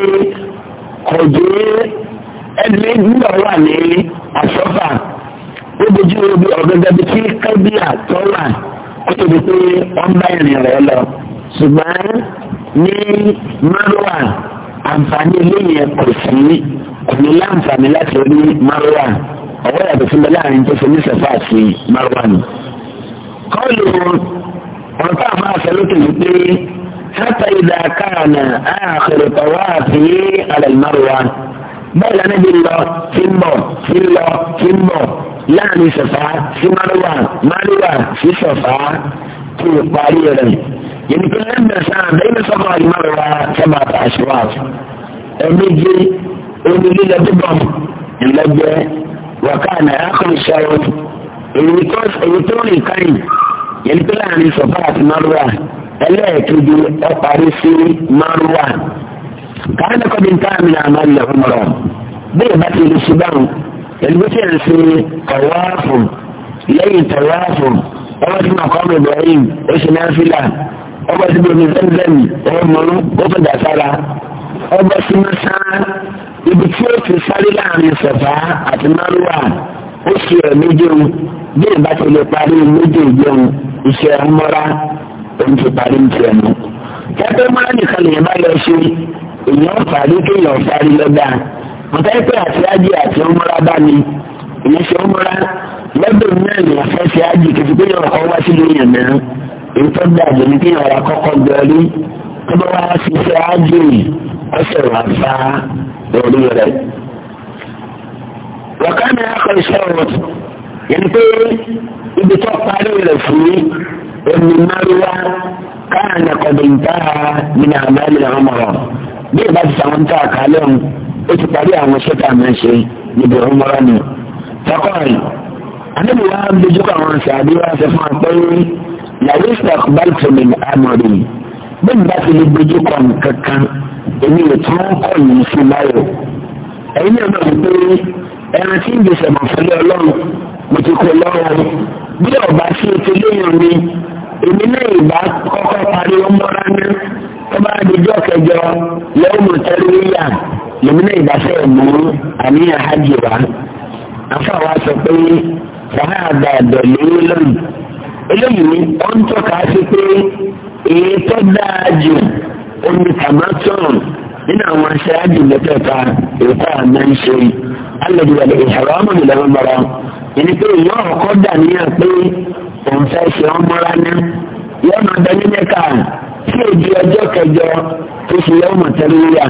kò ẹni nígbà wà ní àṣọfà ó dojú ibi ọ̀gẹ́gẹ́ bí kí kẹ́bíà tó wà ó ti di pé wọ́n bá ìrìn rẹ̀ lọ ṣùgbọ́n ní márùwà àǹfààní eléyìí kò sí òní láǹfààní láti rí márùwà ọ̀wọ́ yàtọ̀ sí láàrin tó fi ní sẹ́fà sí márùwà nù. kọ́ọ̀lù ọ̀tá àmọ́ àfẹ́lókè ni pé hátà ìdá káànà àkèrè tọ́wọ́ àfìyé àlẹ́ márùwà bẹ́ẹ̀ lọ́nà bí lọ sí ń bọ̀ sí ń lọ sí ń bọ̀ láàrin sọ̀fà sí márùwà márùwà sí sọ̀fà kí o parí rẹ̀. yìí pé ẹ bẹ̀rẹ̀ sáà bẹ́ẹ̀ ní sọ́kọ̀ ìmọ̀ràn sábà àṣùwà ẹni gbé omi lílọ tó bọ̀ ẹ̀lẹ́gbẹ́ wàkàna akọ̀rọ̀ ṣẹ́wọ́ èyí tó rìn káyìn yìí pé sọ̀fà àti márùwà ẹlẹ́ẹ̀kejì ọ parí sí márùwà kàánà kọ́ bí n táà mi àmà ilẹ̀ fún mọ́rọ̀ bẹ́ẹ̀ bá ti lè ṣe báwọn pẹ̀lú bí ṣe ń ṣe tọ̀wáàfù lẹ́yìn tọ̀wáàfù ọwọ́ tí màá kọ́ mi Ibrahim ó ṣe náà fílà ọwọ́ tí bomi zẹ́mzẹ́m ọwọ́ mọ́rún ó fẹ́ dà sára ọwọ́ tí mo sá ibi tí ó ti sáré láàrin sọ̀fà àti márùwà ó ṣe ẹ̀ méjì òun bẹ́ẹ̀ bá ti lè parí méjì òun iṣẹ́ mọ́ra ń mọ́ra èèyàn fàárí kéèyàn fàárí lọ́dà mọ̀tẹ́ pé àti ájì àti ọmọra bá mi èèyàn ṣe ọmọra lọ́dọ̀ náà ní afẹ́ ṣe ájì kìtì kéèyàn kọ́ wá sílé èèyàn náà èyí tó dàbí ní kéèyàn ra kọ́kọ́ gbọ́rí tó bá wá ṣiṣẹ́ ájì ọ̀sẹ̀ wà fá orí rẹ̀. wọ́kánà akọ iṣẹ́ wọn yẹn pé ibi tó parí rẹ̀ fún omi márùwá káà nàkọ̀dùntà nínú àbáyé àwọn bí ìbá ti sàwọn tá a kà á lẹ́hìn ó ti parí àwọn sọ́tà náà ṣe níbi ọ̀hún mọ́ra ni. fakọ́rin anábì wa ń dojú kọ àwọn sàbí wa ṣe fún apẹ́ làwọn ìsàkó báyìí mi ní amọ̀rì bí ìbá ti lè dojú kọ nǹkan kan èmi ò tún kọ́ yìí sí báyọ̀ ẹ̀yin náà mọ̀ pé ẹran tí ń gbèsè mọ̀ ọlọ́run mo ti kó lọ́rùn bí ọ̀bá sí etí léèyàn mi èmi náà ìbá kọ́kọ́ parí ọmọ tó bá dijọ́ kẹjọ lẹ́yìn mọ̀tẹ́lẹ́yà lèmínà ìdásẹ́ ìmú àníyàn hajj wa afáwa sọ pé sàhà àgbà ẹ̀dọ̀ lórí lónìí eléyìí ó ń tọ́ka sí pé èyí tó dáa jù omi tàmátọ́n nínú àwọn aṣọ hajj mẹ́tẹ̀ẹ̀ta èyí tó àná ń ṣe alẹ́dìwẹ̀lẹ̀ ìṣàrọ̀ ọmọ mi lọ́wọ́ bọ̀rọ̀ ẹni pé ìyá ọ̀kọ́ dà níyà pé òun fẹ́ ṣe ọmọ rání yọ́nà tí o di ọjọ́ kẹjọ tó fi yọ ọmọ tẹ́lẹ̀ yíyà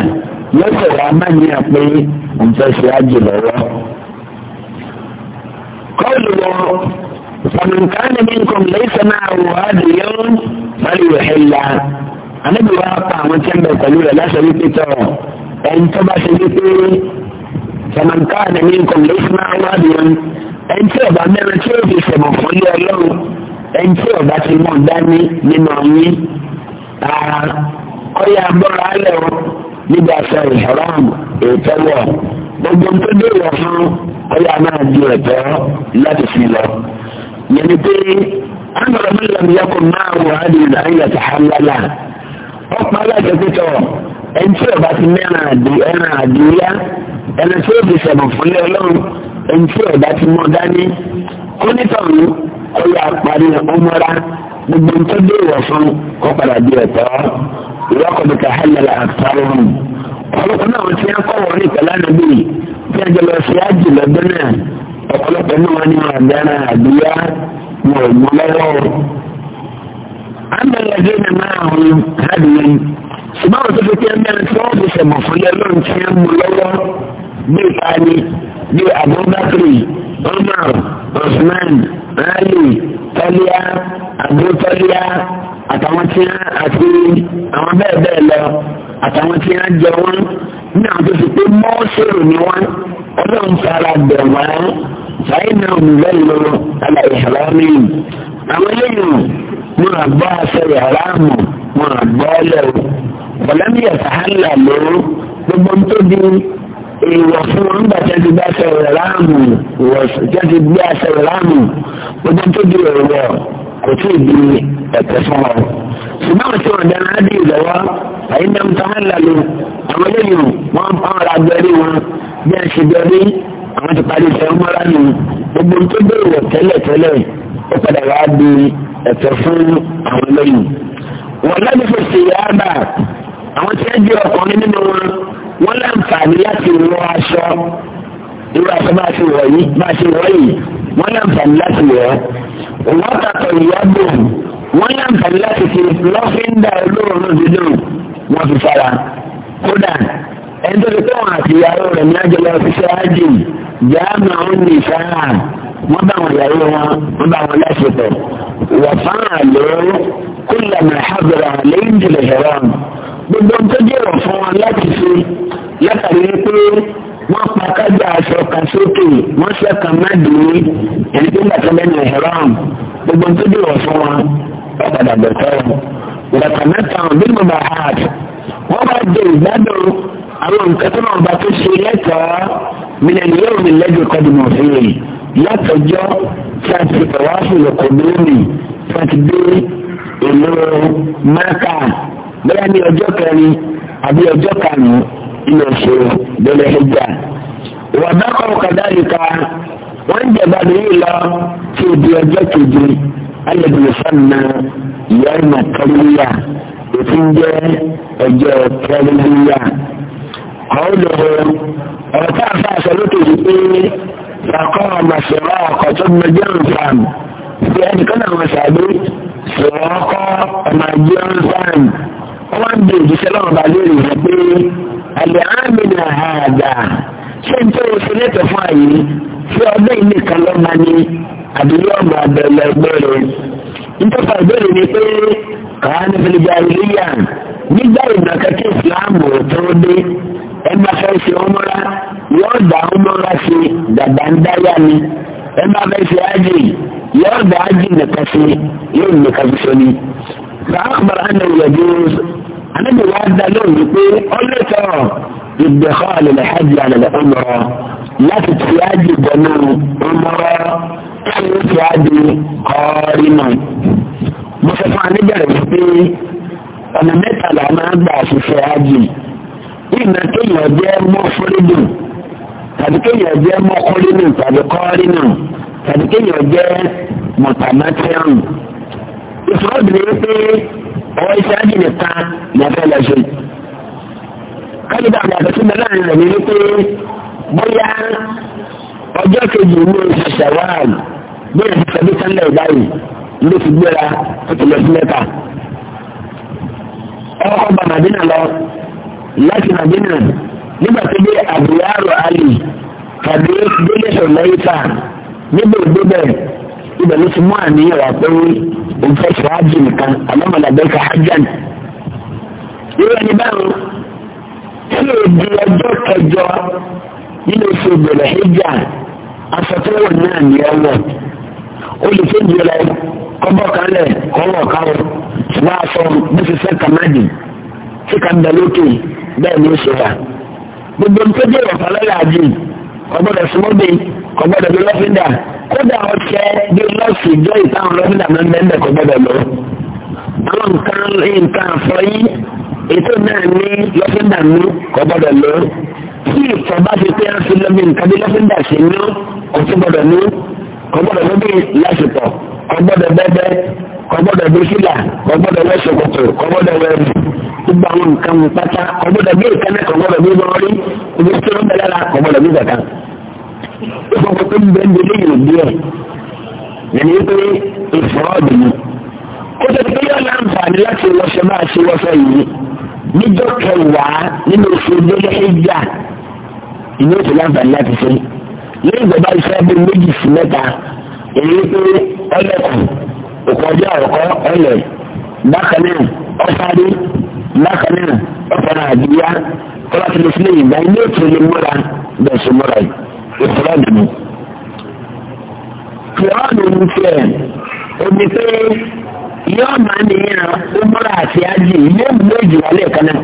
lọ́sẹ̀ wa má ní àpé òǹtẹ̀sẹ̀ ájì lọ́wọ́. kọ́ọ̀lù wọn fàmìkánì minkum lẹ́sẹ̀ náà wò á di yẹn wálé ìwẹ̀hẹ́ ìlà ànábì wa pa àwọn tí ń bẹ pẹ̀lú rẹ̀ láṣẹ wípé tọ̀ ẹni tó bá ṣe wípé fàmìkánì minkum lẹ́sẹ̀ náà ọba mẹ́rin tí ó fi ṣẹ̀mọ̀ fún ilé ọlọ́run ẹni ọba ti mọ̀ dání nínú ọyìn ọyà agbọ́ra alẹ́ o níbi àṣà ìhàrán ètọ́wọ̀ gbogbo tó dèrò fún ọyà náà di ẹ̀tọ́ láti fi lọ. yẹni pé amọ̀rọ̀ mẹ́lẹ̀ mi yẹ kó máa wọ adìyẹ ayé tàhálàlà ọ̀pọ̀ aláṣẹ pẹ̀tọ̀ ẹni ọba ti mẹ́rin àdì ẹran àdìyá ẹni tí ó fi sẹ̀bùn ọlọ́run ẹni ọba ti mọ dání kó ó yà parí ọmọra gbogbo ń tọ́jú ìwọ̀ fún kó padà di ẹ̀tọ́ ìwọ́kọ̀dù ká hẹ́lẹ̀lẹ̀ àtàrùn ọlọ́pàá náà wọ́n ti ń kọ́ wọ́n ní ìpẹ̀lẹ́ àdúgbò tí a jẹ lọ sí ájì lọ́dún náà ọ̀pọ̀lọpọ̀ náà wọ́n ní wọn àdára àdúyá wọn ò mú lọ́wọ́ àmàlẹ́ ẹgbẹ́ náà máa hun adìyẹ ṣùgbọ́n àwọn tó fi kí ẹ mẹ́rin tí wọ́n fi sẹ̀mọ̀ fún yẹ lóun ti ń mú lọ́wọ́ bí ìpani bí àbúrò bá kiri Umar Usman Ali Tọ́líà Abu Tọ́líà àtàwọn tí wọ́n àti àwọn bẹ́ẹ̀ bẹ́ẹ̀ lọ àtàwọn tí wọ́n jẹ wọ́n ní àwọn tó ti pé mọ́ọ́sẹ̀rù ni wọ́n ọlọ́run fara bẹ̀ wọ́n fàyínà òmùbẹ́lò ala ìhàlámì àwọn eléyìí mo rà gbọ́ aṣọ ìhàlámù mo rà gbọ́ ọlẹ́wọ̀ bọ̀lẹ́mìyà sàhálà lóró gbogbo ń tóbi èèwọ̀ fún wọn nígbà tí a ti gbé aṣọ rẹ̀ láàmù ìwọ̀sùn tí a ti gbé aṣọ rẹ̀ láàmù ojú tó di èèwọ̀ kò tí ì di ẹ̀tẹ́ fún wọn. ṣùgbọ́n tí wọ́n dáná dé ìlọ́wọ́ àyíká ń tán án lálẹ́ àwọn eléyìí wọ́n ń pọ́n ra wọn bí a ṣe gbẹ́rí àwọn ti parí ìfẹ́ mọ́ra nù gbogbo tó dé ìwọ̀ tẹ́lẹ̀ tẹ́lẹ̀ ó padà wá di ẹ̀tẹ́ fún àwọn eléyìí. wọ́n láti fèsì yáàbà àwọn tí wọ́n wọ́n láǹfààní láti wọ aṣọ irú aṣọ bá ṣe wọ̀ yìí bá ṣe wọ̀ yìí wọ́n láǹfààní láti wọ̀ wọ́n kàtọ̀ ìyàgbò wọ́n láǹfààní láti fi lọ́fíńdà olóòórùn dídùn wọ́n fi fara kódà ẹni tó ti àti ìyàwó rẹ̀ ní àjọyọ̀ ọ̀fíṣẹ́ ájì jáàmù àwọn ní ìfáà wọ́n bá wọn ìyàwó wọn wọ́n bá wọn lẹ́sìpọ̀ wọ́n fáà lóo kúlẹ̀ mọ̀ gbogbo tó dìrọ̀ fún wọn láti ṣe látàrí wípé wọ́n pa kájà aṣọ kan sókè wọ́n ṣẹ́kan má dìní ẹni tó gbà tó lẹ́nu ìhẹ́rọ́m gbogbo tó dìrọ̀ fún wọn wọ́n padà bẹ̀tọ́ ìrọ̀kà mẹ́ta bí mo bá hà wọ́n bá jẹ ìgbádùn àwọn nǹkan tó náà bá tó ṣe lẹ́tọ̀ọ́ mílẹ̀ ní yóò mi lẹ́jọ́ kọ́dùmọ̀ fún yìí látọjọ́ tí a ti pẹ̀wá fún ìlọ̀kọ̀ lónìí tí a ti bóyá ní ọjọ́ kẹrin àbí ọjọ́ karùn-ún nínú oṣù bẹ́lẹ̀ ẹja. wọ́n bá kọ́ ọ̀kadà yìí ká wọ́n ń jẹ̀bá lórí lọ tí o di ọjọ́ keje ayélujáfẹ́nà ìyá ìmọ̀ kẹrìíyà ètí ń jẹ́ ọjọ́ kẹrìíyà. àwọn olùkọ́ ọ̀tá àfa ló tèjì pé sàkọ́ ọ̀màṣẹ̀rọ̀ ọkọ̀ tó nǹkan fi ẹnìkan náà ṣàdé sọ̀rọ̀ ọkọ̀ ọ̀màjẹ́ nǹkan wọ́n ń bí òjíṣẹ́ lọ́wọ́ bá lórí rẹ̀ pé àlẹ́ àmìnà àdá ṣé n tó ṣe lẹ́tọ̀ fún àyè fún ọdún yìí nìkan ló máa ní àdúgbò ọmọ abẹ́lẹ̀ gbére. nítorí ìbéèrè ni pé kàá ní fìlìjàìlìyà nígbà ìgbà kẹ́kẹ́ ìsìláàmù tó dé ẹ bá fẹ́ ṣe ọmọlá yóò dá ọmọlá ṣe dàgbà ń dáyà ni ẹ fẹ́ ṣe ájì yóò dá ájì nìkan ṣe yóò nìkan ṣe ni. يجوز anabi wa da lónìí pé ọlọ́tọ̀ ìgbẹ̀kọ́ àlẹ́lẹ̀ hajj àlẹ́lẹ̀ ọmọrọ láti fi ájì bọ̀nù ọmọrọ láti fi ájì kọ́ọ́rí náà. mo fẹ́ fún anígbàrẹ̀ wípé ọ̀nà mẹ́tàlá máa gbà ṣiṣẹ́ ájì ìgbà kéèyàn jẹ́ mọ́ fúrídù tàbí kéèyàn jẹ́ mọ́ kọ́rínù tàbí kọ́rínù tàbí kéèyàn jẹ́ mọ̀tàmátẹ́rù. ìfọwọ́bìnrin pé ọwọ́ iṣẹ́ ájì nìkan ní abẹ́ lọ ṣe. kálíbà àmì àtẹ̀tún bẹ́ẹ̀ láàrin rẹ̀ ní pé bóyá ọjọ́ kejì ní oṣù ṣàwárì bí èsì sẹ́bí sẹ́lẹ̀ ìdáyìí ló ti gbéra ó ti lọ sí mẹ́ta. ọkọ̀ bá lọ láti màdínà nígbà tó dé àbúyárò alì tàbí délé sọ̀rọ̀ lẹ́yìn ta nígbà òdó ibẹ̀ ló ti mú àníyàn wá pé òun fẹ́ ṣe ájì nìkan àlọ́mọ̀lábẹ́ ká ájàn. irú ẹni báwo tí o di ọjọ́ kẹjọ nínú oṣù ìbẹ̀rẹ̀ hijab aṣọ tó wọ̀ náà ní ọwọ́ o lè tó di ọ̀la kọ́bọ̀ kalẹ̀ kọ́wọ̀ káwọ̀ ṣùgbọ́n aṣọ bí ti fẹ́ kàmáàdì tí kàmbẹ̀ bẹ́ẹ̀ ni ó ṣe wà. gbogbo nǹkan jẹ́ ìrọ̀fà lọ́la àjì ọgbọ́dọ̀ súnmọ́bì ọgbọ́dọ̀ ló lọ́fíńdà kódà ọṣẹ bí lọ́ọ̀sì jọ ìtàn lọ́fíńdà mẹ́mẹ́mẹ́ kò gbọ́dọ̀ lọ. àwọn nǹkan nǹkan àfọyín ètò náà ní lọ́fíńdà mú kò gbọ́dọ̀ lọ. tí ìtọ́ bá ti pé àfi lọ́bì nǹkan bí lọ́fíńdà ṣe ní kò tún gbọ́dọ̀ ní kò gbọ́dọ̀ lọ́bì lásìkò kò gbọ́dọ̀ bẹ́ẹ̀ kọ́gbọ́dọ̀ bí fílà kọ́gbọ́dọ̀ lọ ṣòkòtò kọ́gbọ́dọ̀ wẹ̀ ẹ̀mí gbogbo àwọn nǹkan mi pátá kọ́gbọ́dọ̀ bí ìkẹ́lẹ́ kọ́gbọ́dọ̀ bí wọ́n rí ibi tí wọ́n bẹ̀rẹ̀ la kọ́gbọ́dọ̀ bí zàkà. ìfọwọ́ tó bẹ́ẹ̀ ń délé yìí díẹ̀ nìyí pé ìfọ́ọ̀dù ni. ó ti pé yóò láǹfààní láti wọṣọ bá a ṣe wọṣọ yìí níjọ́ kẹwàá nínú oṣù délé ìjà ìní oṣù láǹfààní láti ṣe lẹ́yìn ìgbà bá iṣẹ́ bí méjì sí mẹ́ta èyí pé ọlẹ́kùn òkú ọjọ́ àkọ́kọ́ ọ̀lẹ̀ bákan náà ọ̀sáré bákan náà ọ̀sára àdìyá kọ́lá tó lè fi lè yìnbá ilé ètò ilé múra bẹ́ẹ̀ ṣe múra ìfúra dùnú. fìrọ́ọ̀nù ń tiẹ̀ omi pé yóò máa nìyẹn ó múra àti ájì ilé ìlú ìjìyàlẹ̀ kan náà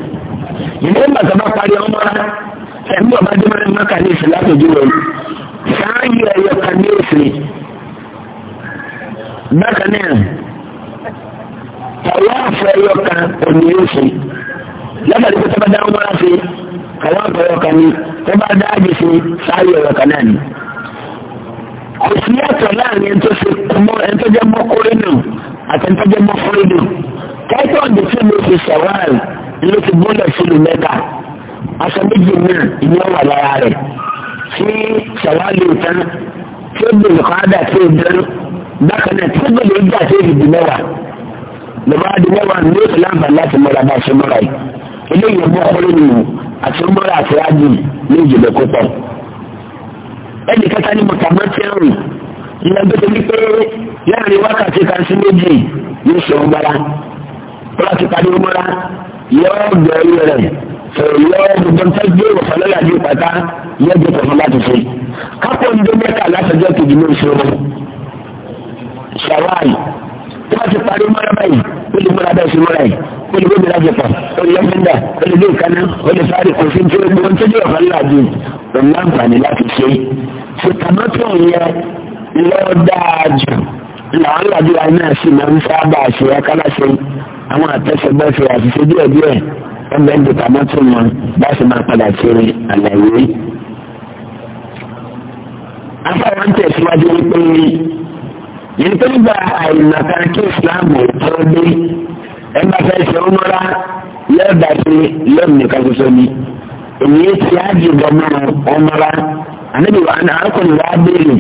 ìlú ìgbàgbọ́ bá parí ọmọra ẹ̀mí ọba dúró ní mọ́kà látòjú rẹ̀ sáà yọ ẹ̀yọ kan ní ìsìn bákan náà àwọn afẹ́yọ kan ònìyàn sí lọ́kàdé tó tọ́ba dáhùn mọ́ra sí àwọn afẹ́yọ kan ní tó bá dáàbì sí sáyé ọ̀rọ̀ kan náà ni. kò sí ẹ̀tọ́ láàrin ẹni tó ṣe mọ́ ẹni tó jẹ́ mọ́ kórínù àti ẹni tó jẹ́ mọ́ fúrídù káyọ̀tọ̀ ọ̀dẹ̀ tí mo fi ṣàwárì ló ti bọ́lẹ̀ sílùú mẹ́ta aṣọ méjì náà ìyẹn wà lára rẹ̀ tí ṣàwárì ìtàn tí ó bèrè kọ́ de bákan náà tí gbèlè ìjà tó di di mẹ́wàá lọ́wọ́ adi mẹ́wàá ní oṣù láǹfà láti mọ́ra bá ṣe mọ́ra yìí eléyìí ọmọ ọkùnrin nìyí àti mọ́ra àti ájì ní ìjìnlẹ̀ púpọ̀ ẹnì kẹta ní mọ̀tàmọ́ tẹ́rù ìyá gbèsè ní pé láàrin se kan sí méjì yóò ṣe wọn mọ́ra wọ́n ti parí mọ́ra yọ́ọ́ bẹ̀rẹ̀ rẹ̀ yọ́ọ́ gbogbo ń tẹ́jú ìwòsàn lọ́yà ní pàtá yẹ́ẹ́ ṣàwáàlì tí wọ́n ti parí mọ́ra báyìí ó lè múra bẹ́ẹ̀ sí múra yìí ó lè gbóbi lájẹ pọ̀ ó lè lọ́gbẹ́ndà ó lè gbé ìkànnì ó lè fárí kò sí tí ó gbé ohun tó dé ọ̀fà ńlá ju òun láǹfààní láti ṣe ṣètàmọ́tò yẹn lọ dáa jù làwọn làdúrà náà sì máa ń sábà ṣe akálàṣe àwọn àtẹ̀sẹ̀gbẹ́sẹ̀ àṣìṣe díẹ̀díẹ̀ ẹgbẹ́ ń dìtàmọ́tò wọn bá sì máa padà ṣe àlàyé afáwọn tẹ̀síwájú wípé yìí tó gba Islam kí ìsìláàmù tó dé ẹ bá fẹ́ ṣe ó múra yóò dá sí yóò nìkan ṣoṣo ni èmi yé ti ájì gbọmọràn ó múra àníbi wà ní arákùnrin wa béèrè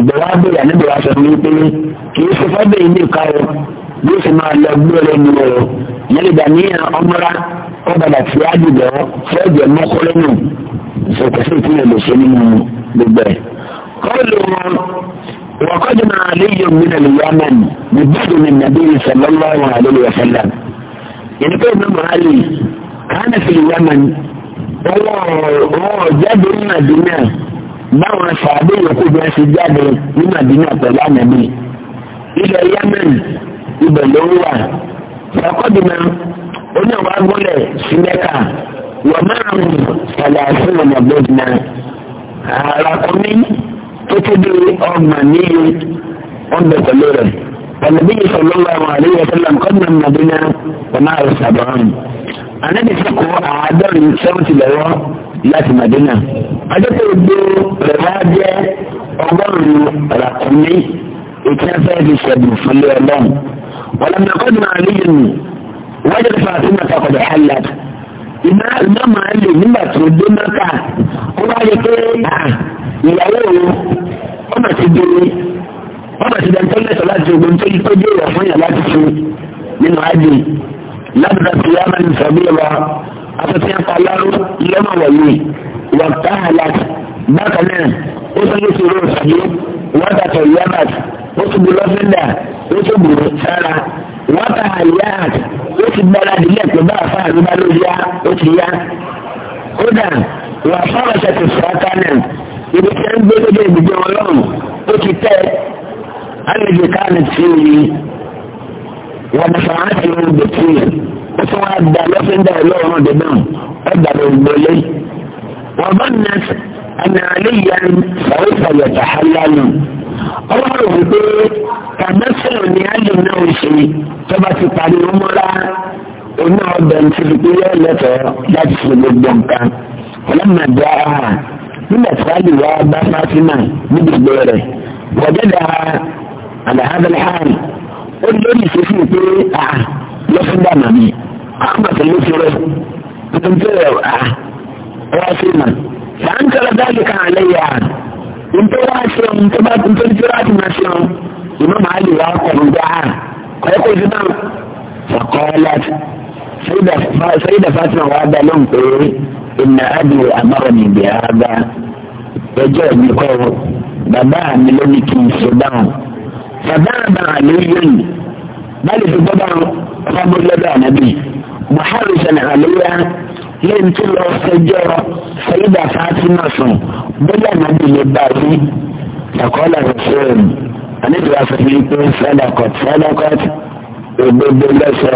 ìgbọ̀wá béèrè àníbi wa sọ fún mi pé kì í ṣe fọ́bẹ̀ yìí nìkan o bí ó sì máa lọ gbóòrè mi o yẹ́nì dàníyàn ó múra ó padà ti ájì gbọ̀wọ́ fẹ́ jẹ́ mọ́kúrẹ́nù ìṣòkòṣe ìpínlẹ̀ lòṣèlú gbogbo ẹ̀ kọ́ وقدم علي من اليمن ببدن النبي صلى الله عليه وسلم يعني كيف نمر علي كان في اليمن وجد المدينة báwọn sàádé yòókù bí wọ́n ṣe jáde ní Màdínà pẹ̀lú ànàbí ilẹ̀ Yemen ibẹ̀ ló ń wà ṣàkọ́dìmọ̀ oníwà gúnlẹ̀ sí Mẹ́kà wọ́n máa ń sàlàyé fún ọmọ gbọ́dọ̀ náà àràkùnrin تتبعي عمانية عمد كبيرة النبي صلى الله عليه وسلم قدم مدينة ونعر السابعين النبي سكوا عادر من شرط الهواء لات مدينة عدت ودو رواجة عمان رقمي وكان فاتي سيد صلى الله ولما قدم علي وجد فاطمة قد حلت ìmá ìmá máa lè nígbà tó dé mọ́ta ó wá rí pé ìyàwó òun ọmọ ti di ọmọ ti dantẹ́ lẹ́sọ̀ láti ogun tó yí tó dé ìwà fún yàrá láti fún nínú ájì lábùdá tí a máa ń sọ bí wa afẹ́fẹ́ apaláró lọ́mọ wọ̀nyí wà tá a bákan náà ó tún lè ṣòro ìṣàyé wọ́n dàtọ̀ yábàt ó tún bu lọ́fíńdà ó tún bu sára. wọ́n ta àyà ó ti gbára dìlẹ̀ pé bá àfa àgbà ló yá ó ti yá. kódà wà fáwọn ṣètò sọ́ọ́ká náà ibi tí wọ́n gbé lóde ìdíje wọn lọ́rùn ó ti tẹ́ àlejò káàdì tí ó yí wọ́n ní fàá ti ń gbé tí ó tún wá da lọ́fíńdà ọlọ́run ọ̀dẹ náà ó dàbí ìgbọ́lé. wọ́n bá nà àná àlẹ́ yẹn sàwé sàyẹ̀tà hálálù. ọlọ́run wípé tàbẹ́sẹ̀rọ̀ ni alẹ́ náà ń ṣe tó bá ti parí ọmọlá oní ọbẹ̀ ń tìlú pé yẹ́ lẹ́tọ̀ọ́ láti ṣe gbogbo nǹkan ọlọ́mọ ẹ̀dá ara nígbà tí wàá lè wá bá fásimà níbi ìgbé rẹ̀ wọ́jọ́dà àdáhábẹ́lẹ́hàn ó lórí ìṣesí pé à lọ́sọ̀dà màmí àmọ̀tẹ́ ló ti tuntun tẹ̀rẹ̀ à wá sí mà. sàǹkàrà dáàbì kan àlẹ́ yà á. nítorí wá ṣe ohun tó bá nítorí tí wá ti máa ṣe ohun ìmọ̀ màá lè wá ọkọ̀ nígbà hàn ọkọ̀ ìdí náà sọ̀kọ́ láti sayida fatima wà dá lóhùn pé ìnà àbí àmọ́ràn ìgbé àgbà ẹjọ́ mi kọ́ bàbá mi ló ní kí n ṣe báwọn bàbá àbá àléyìn bá lè fi gbọ́ báwọn ọmọ mi lọ́dọ̀ ànábì muhammed sani àléyà. lẹ́yìn tó lọ ṣẹjọ́ ṣẹ́yìdà Fatima sùn bóyá nàbì lè bá rí làkọ́lá rẹ̀ṣẹ̀m àníbìrà fẹ́mi pé sẹ́dàkọ̀t sẹ́dàkọ̀t òdodo lẹ́sọ̀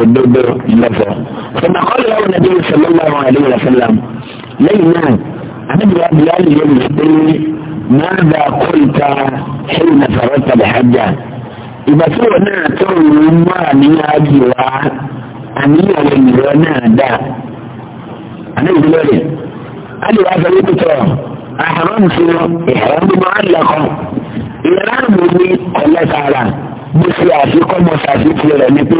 òdodo lẹ́sọ̀. sọ̀dàkọ́lá yàwó nàbí sallallahu alaihi wa sallam lẹ́yìn náà àníbìrà bíyàlì yẹn lè pé máa bá kóríta ṣẹ́yìn nàfàrọ̀ tàbí hajjá. ìgbà náà tó ń mú àníyàn àjò wa àníyàn lè nìyọ náà dáa ànábì lórí alẹ́ wàá sọ wípé tọ̀ àhàmọ́ sí wọn ìhàmọ́ bí wọ́n á lọ kọ́ ìyára mi ní ọ̀lẹ́sàrà bí ṣe àfikọ́ mọ̀ ṣàfihàn rẹ̀ ni pé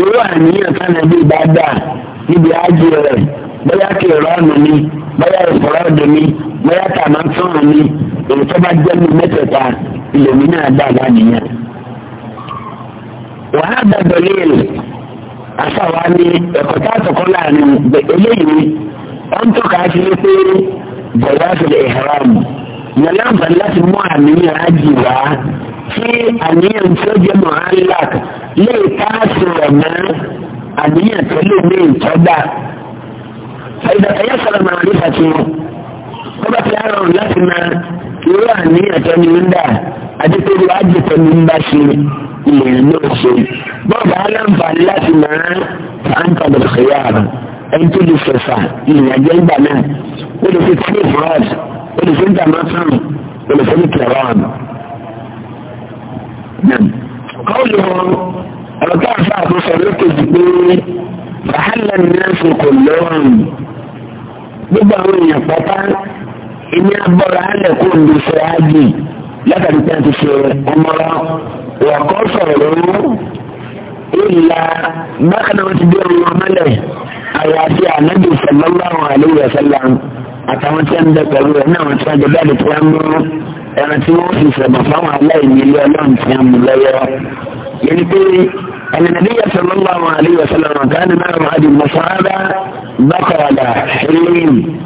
irú àníyàn kánà bí bá dà níbi ájú rẹ̀ bóyá kí ìrọ́ọ̀nù ni bóyá ìfọ̀rọ̀dù ni bóyá tàmátọ́rùn ni èyí tó bá jẹ́ mi mẹ́tẹ̀ẹ̀ta ìlòmínà dà wàhálà dàgbẹ̀lẹ́ àṣàwá ní ẹ̀kọ́ tá a sọ̀kọ́ láàrin eléyìí ó ń tọ́ka sí ní pé bọ̀dá ti lè haram yẹn láǹfààní láti mú àníyàn ájì wá tí àníyàn tí ó jẹ́ mohanlak lè káàsì ọ̀nà àníyàn tó lè ní ìtọ́gbà. ẹ̀yà sọ̀rọ̀ màá rí fàtí wọn ó bá ti rọrùn láti máa irú àníyàn tó ní ń dà àti pé wàá jẹ́ tó ní ń bá ṣe lèyìn náà ṣe bọ́ọ̀bù aláǹfààní láti máa ń tàbí ṣẹ̀yà rẹ̀ ẹni tó lè fẹ̀fà ìrìnàjò ìgbà náà ó lè fi tẹ́lẹ̀ fraud ó lè fi ń tàbí fún ó lè fi ń tẹ̀rọ àmì. kọ́ọ̀lù ọ̀rọ̀ tá a fà tó sọ lókèjì pé wàhálà kò lọ́rùn gbogbo àwọn èèyàn pátá ìní abọ́ra alẹ́ kó ń lè fẹ́ ájì látàrí pé a ti ṣe ọmọ rán. وكفروا إلا ما خلوت بهم وملئ آياتي على النبي صلى الله عليه وسلم أتمتن ذكروا أنه أتمتن جبال تيامو أنا تموت سبع فهو عليه مليون لهم تيامو لي يعني أن النبي صلى الله عليه وسلم كان معه هذه المصابة بقر على حلين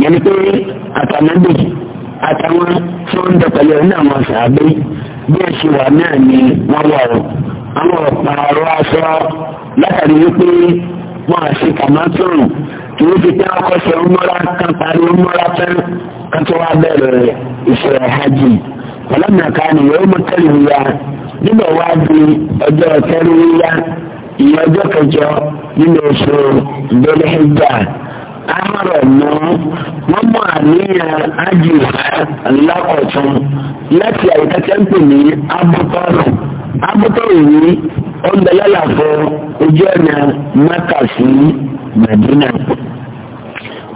يعني بي أتمتن أتمتن ذكروا أنه أتمتن bí ẹ ṣe wà náà ni wọ́n wà o àwọn ọ̀pá ọ̀rọ̀ aṣọ látàrí wípé wọ́n àṣe kàmátòrò kì í fi pé ọkọ̀ ṣe kan parí ọmọlá tán kan tó wá bẹ̀rẹ̀ ìṣẹ̀lẹ̀ hajj ọlọ́nà kan ni yóò mú tẹ́lẹ̀ wíyá nígbà wá di ọjọ́ tẹ́lẹ̀ wíyá ìyẹn ọjọ́ kẹjọ nínú oṣù Dhul Hijjah àárọ̀ mọ́ wọ́n mọ àníyàn ájì lákọ̀tún láti àyíká tẹ́ǹpì ní abútọ́rù abútọ́rù yìí ó ń bẹ lálàfọ́ ojú ọ̀nà Mákà sí Mẹ̀dínà.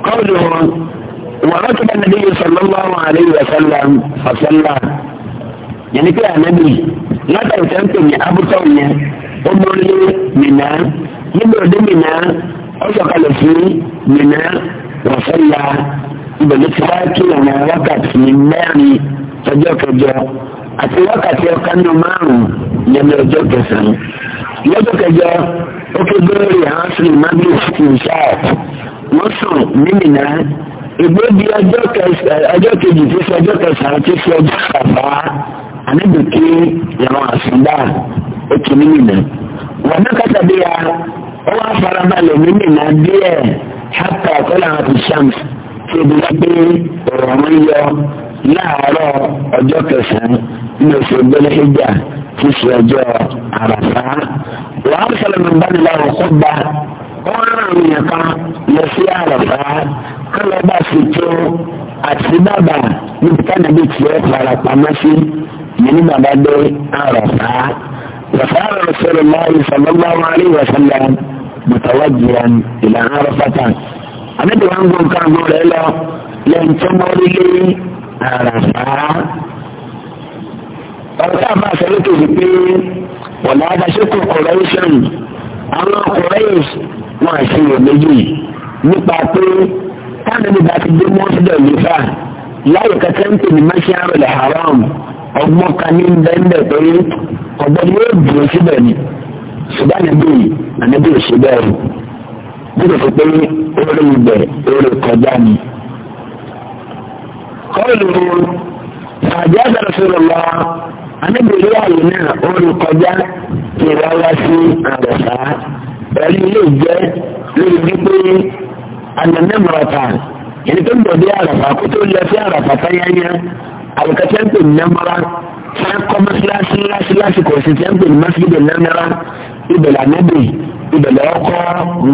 kọ́ọ̀dù wọn wọ́n tó bá nàbí sallallahu alaihi wa sallam ọ̀sánlá yẹn pé ànábì látàrí tẹ́ǹpì ní abútọ́rù yẹn ó bọ́ lé Mínà nígbà òde ó sọ̀kalẹ̀ sí Mínà wàsánlá ìbẹ̀lẹ̀ tí wàá kí ọ̀nà wákàtí mẹ́rin ọjọ́ kẹjọ àti wákàtí ọ̀kanú márùn-ún lẹ́nu ọjọ́ kẹsàn-án lọ́jọ́ kẹjọ ó ké bẹ́ẹ̀rẹ̀ àwọn sinimábí fún ṣáàtì wọ́n sùn ní Mínà ìgbébi ọjọ́ kejì tí fi ọjọ́ kẹsàn tí fi ọjọ́ kàfà àníbìkí ìrọ̀ àsùnbà ó kì ní Mínà wọ́n kàtàbí ya ó wá farabalẹ̀ nínú ìlà díẹ̀ hátà ọ̀kọ́lá àti shams tí ebi wá pé òòrùn ń yọ láàárọ̀ ọjọ́ kẹsàn-án ní oṣù gbẹlẹ́hìjà tí ṣe ọjọ́ àràfá. wàá sọ̀rọ̀ mi bá nílá ọ̀kọ́ gba wọ́n rán àwọn èèyàn kan lọ sí àràfá kọ́lọ́ bá fi tó àti bàbà níbi tánàbí tiẹ̀ fara pamọ́ sí yìí bàbá dé àràfá. wàfàá rẹ̀ sọ̀rọ̀ láàrin sọ̀rọ̀ láwọn mọ̀tàwájìyàn ìlànà arọ́fàtà àmẹ́tẹ̀ wọn gbọ́n ká àgbọ̀n rẹ̀ lọ lẹ́yìn tó mọ́ orílẹ̀ àràfà. ọ̀rọ̀ tá a bá sọ lókè sí pé wọ̀lá adáṣekọ̀ kọ̀rẹ́ṣọ̀n àwọn kọ̀rẹ́ṣ wọn àṣeyọ̀ méjì nípa pé táwọn ẹni bá ti dé mọ́sídọ̀ nífà láyé kẹkẹ́ ń pè ní mẹ́ṣíárò lẹ̀ haram ọgbọ́n kan ní bẹ́ńbẹ̀ pé ọgbọ́n yóò dùn síbẹ̀ ni ṣùgbọ́n ànábì ànábì ò ṣe bẹ́ẹ̀ bí kò fi pé orí ibẹ̀ orí kọjá ni. kọ́ọ̀lù ṣàjẹ́ àdàlùfẹ́rẹ̀ lọ ànábì orí àyè náà orí kọjá ti wá wá sí àgbẹ̀fà pẹ̀lú ilé ìjẹ́ lórí wípé ànàmẹ́mọ̀ọ́ta ẹni tó ń bọ̀ dé àràfà kó tó lọ sí àràfà táyáyá àbùkátẹ́ ń pè ní nẹ́mọ́ra tá a kọ́ mọ́síláṣí láṣí lásìkò ọ̀sẹ̀ tí a ń pè ní mọ́sílẹ̀ náírà ìbẹ̀lẹ̀ ànábì ìbẹ̀lẹ̀ ọkọ̀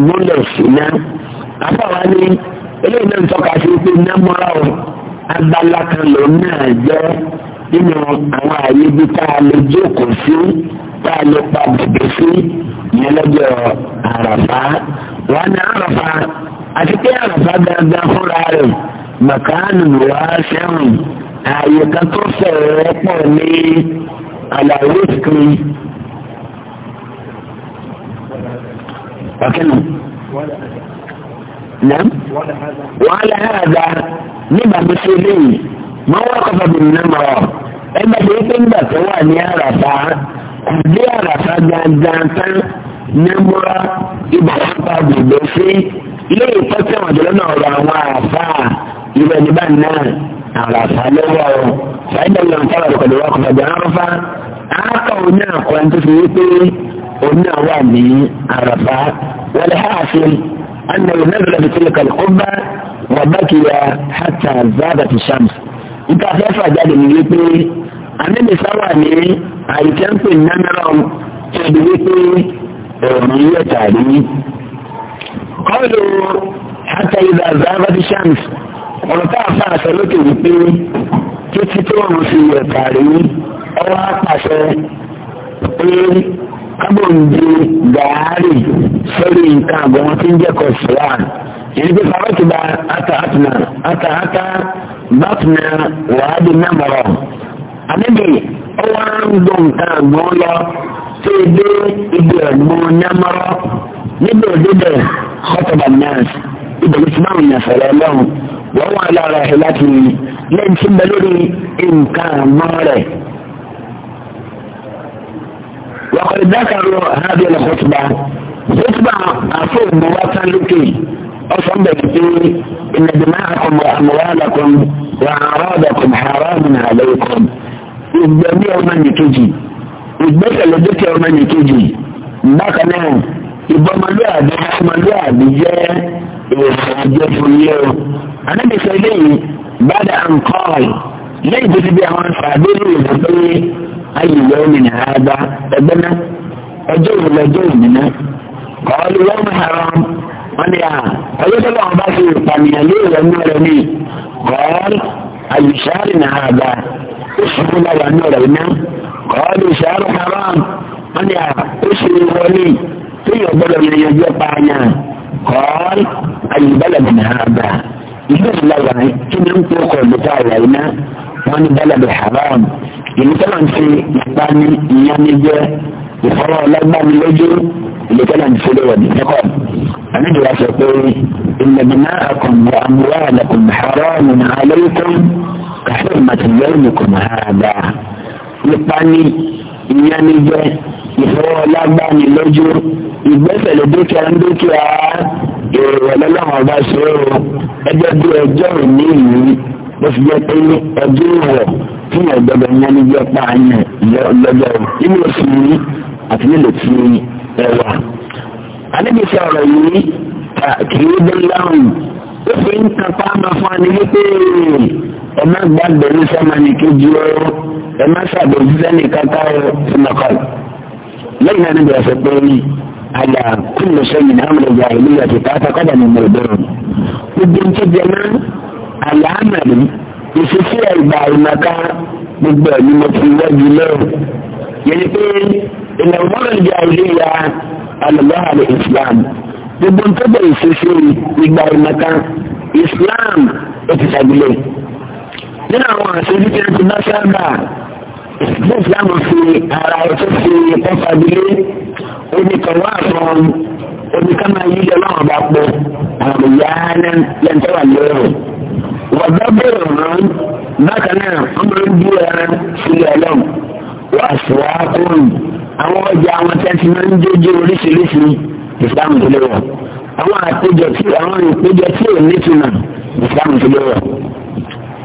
múlẹ̀ síná. àfọwọ́ ni eléyìí náà ń tọ́ka sí pé námọ́ra o abala kan ló náà jẹ́ nínú àwọn ààyè bí tá a lè jókòó sí tá a lè pa bèbè sí ìyẹn lọ́jọ́ àràfá wọn ni àràfá àti pé àràfá dáadáa fúnra rẹ̀ màkàánù wàá sẹ́wọ̀n ààyè kan tó fẹ̀rẹ̀ pọ̀ ní àlàyé kiri. Wàkínà. Nàá. Wàhálà àràdà nígbà tó ṣe léyìí, máa wá kọ́fà bìrì náà mọ̀ ọ́. Ẹgbẹ́ tó yẹ pé nígbà tó wà ní àràfà, kò dé àràfà gangan tán ní múra ibà wọn pa gbogbo sí. Ilé ìtọ́jú àwọn àjọyọ̀ náà rọ àwọn àràfà ìrẹ̀lẹ́bà náà. على صلوة فإن لم ترى قد وقف بعرفة أعطى هناك وانت في يتي هنا وامي عرفة ولحاصل أنه نزل بتلك القبة وبكي حتى زادت الشمس انت فيفا جاد من يتي أمين سواني أي كانت النمرة تدويتي ومية تالي قالوا حتى إذا زادت الشمس ọ̀rọ̀ tá a fà àṣọ lókè wípé títí tó ń fi ẹ̀ka rí ọwọ́ àpàṣẹ pé kábòǹde gàárì sórí nǹkan àgbọ̀n tí ń jẹ́ kọ̀ọ̀sùwà èyí pé fàrọ́tì bá àtàhátà àtàhátà bàtìmẹ̀ wàhádìí mẹ́mọ̀rọ̀ àbíbi ọwọ́ ń gbọ́ nǹkan àgbọ̀n lọ tó dé ibi ẹ̀gbọ́n mẹ́mọ̀rọ̀ níbi òdìdẹ̀ kọ́tàbà náà ibẹ̀ ló ti bá àwọn èèyàn lọ́hùn wọ́n wà lára ẹ̀ láti lẹ́yìn tí ń bẹ lórí nǹkan àmọ́ rẹ̀. وقد ذكروا هذه الخطبة خطبة أفوق بوطن لكي أصبت إن دماءكم وأموالكم وأعراضكم حرام عليكم ìgbẹ̀mí ọmọ nìkejì ìgbẹ́kẹ̀lẹ́ dúkìá ọmọ nìkejì bákan náà ìbọmọlúwàbí ọmọlúwàbí jẹ́ ìwòsàn jẹ́ fún yé o. ànábì sọ eléyìí bàdà àǹkọ́ọ̀l lẹ́yìn tó ti bí àwọn sàbẹ́lì rẹ̀ pé ayíwẹ̀ omi ní àádá ẹgbẹ́ náà ọjọ́ ìwòlọ́jọ́ ìmìnà kọ́ọ̀lù wọn haram wọn ni à ọjọ́ tó lọ́wọ́ bá fi ìpànìyàn lé ìwẹ̀ mú rẹ̀ ní kọ́ọ̀lù àyùsáàrì ní àádá oṣù tó lọ́wọ́ ní ọ̀rọ̀ iná kọ́ọ̀lù ìṣàrù haram wọn ni à oṣù ìwọlé tó yọ gbọ́dọ̀ yẹn yọjọ́ pààyàn قال البلد هذا يقول الله يعني كم يوم توقع بتاع لنا وان بلد حرام يعني طبعا في يعني يانج يخرى الألبان الوجه اللي كان في الوضع يقول أنا دراسة يقول إن بناءكم وأموالكم حرام عليكم كحرمة يومكم هذا يعني ìyanijẹ ìfọwọ́ lágbàáni lójú ìgbésẹ̀ lè dúkìá ń dúkìá èrò lọ́lọ́run ọba ṣe é o ẹjọ́ bí ẹjọ́ òní yìí bó ti jẹ́ pé ẹjọ́ ìwọ̀ tí yẹn gbọdọ̀ ìyanijẹ pa àyàn lọ́jọ́ nínú oṣù yìí àti nílò tí ẹwà. alẹ́ bí sọ̀rọ̀ yìí kì í dé láwùjọ ó fi ń tapá máa fún ani wípé ẹ má gbàgbé ní sọmọnì kejì o ẹ má ṣàbẹ̀jú sẹ́ni kankan o ẹ má kọ́ lẹ́yìn náà níbi ọ̀sẹ̀ pé àgbà kúlò sẹ́yìn náà mo gba ìlú yàtì káfá kọ́dà ní mo bẹ̀rù gbogbo ń tẹ́jẹ́ náà àlà àmàlí ìṣesí ẹ̀gbà ìmàkà gbogbo ẹ̀ mo fi wájú lẹ́rù yẹn ni pé ìlànà mọ́lẹ̀ gbogbo ń tọ́jú ìṣesí ìgbà ìmọ̀ta Islam ó ti ṣàgbélé nínú àwọn àṣejù tí wọ́n ti bá sábà ìṣèjì Islam fi ara ètò fi ẹ̀kọ́ ṣàgbélé oníkàwá àfọ̀n oníkàmá yíyọ láwọn bá pọ̀ àwọn ìyá lẹ́ńtẹ́wà lérò wọ́n bá bẹ̀rẹ̀ wọn bákan náà wọ́n máa ń bí ẹran sílẹ̀ ọlọ́run wọ́n àṣùwà kúrò àwọn ọjà àwọn tẹ́tí máa ń jójú oríṣiríṣi ìsìlámù ti lè wọ̀ àwọn àpéjọ tí àwọn ìpéjọ tí ò ní túmọ̀ ìsìlámù ti lè wọ̀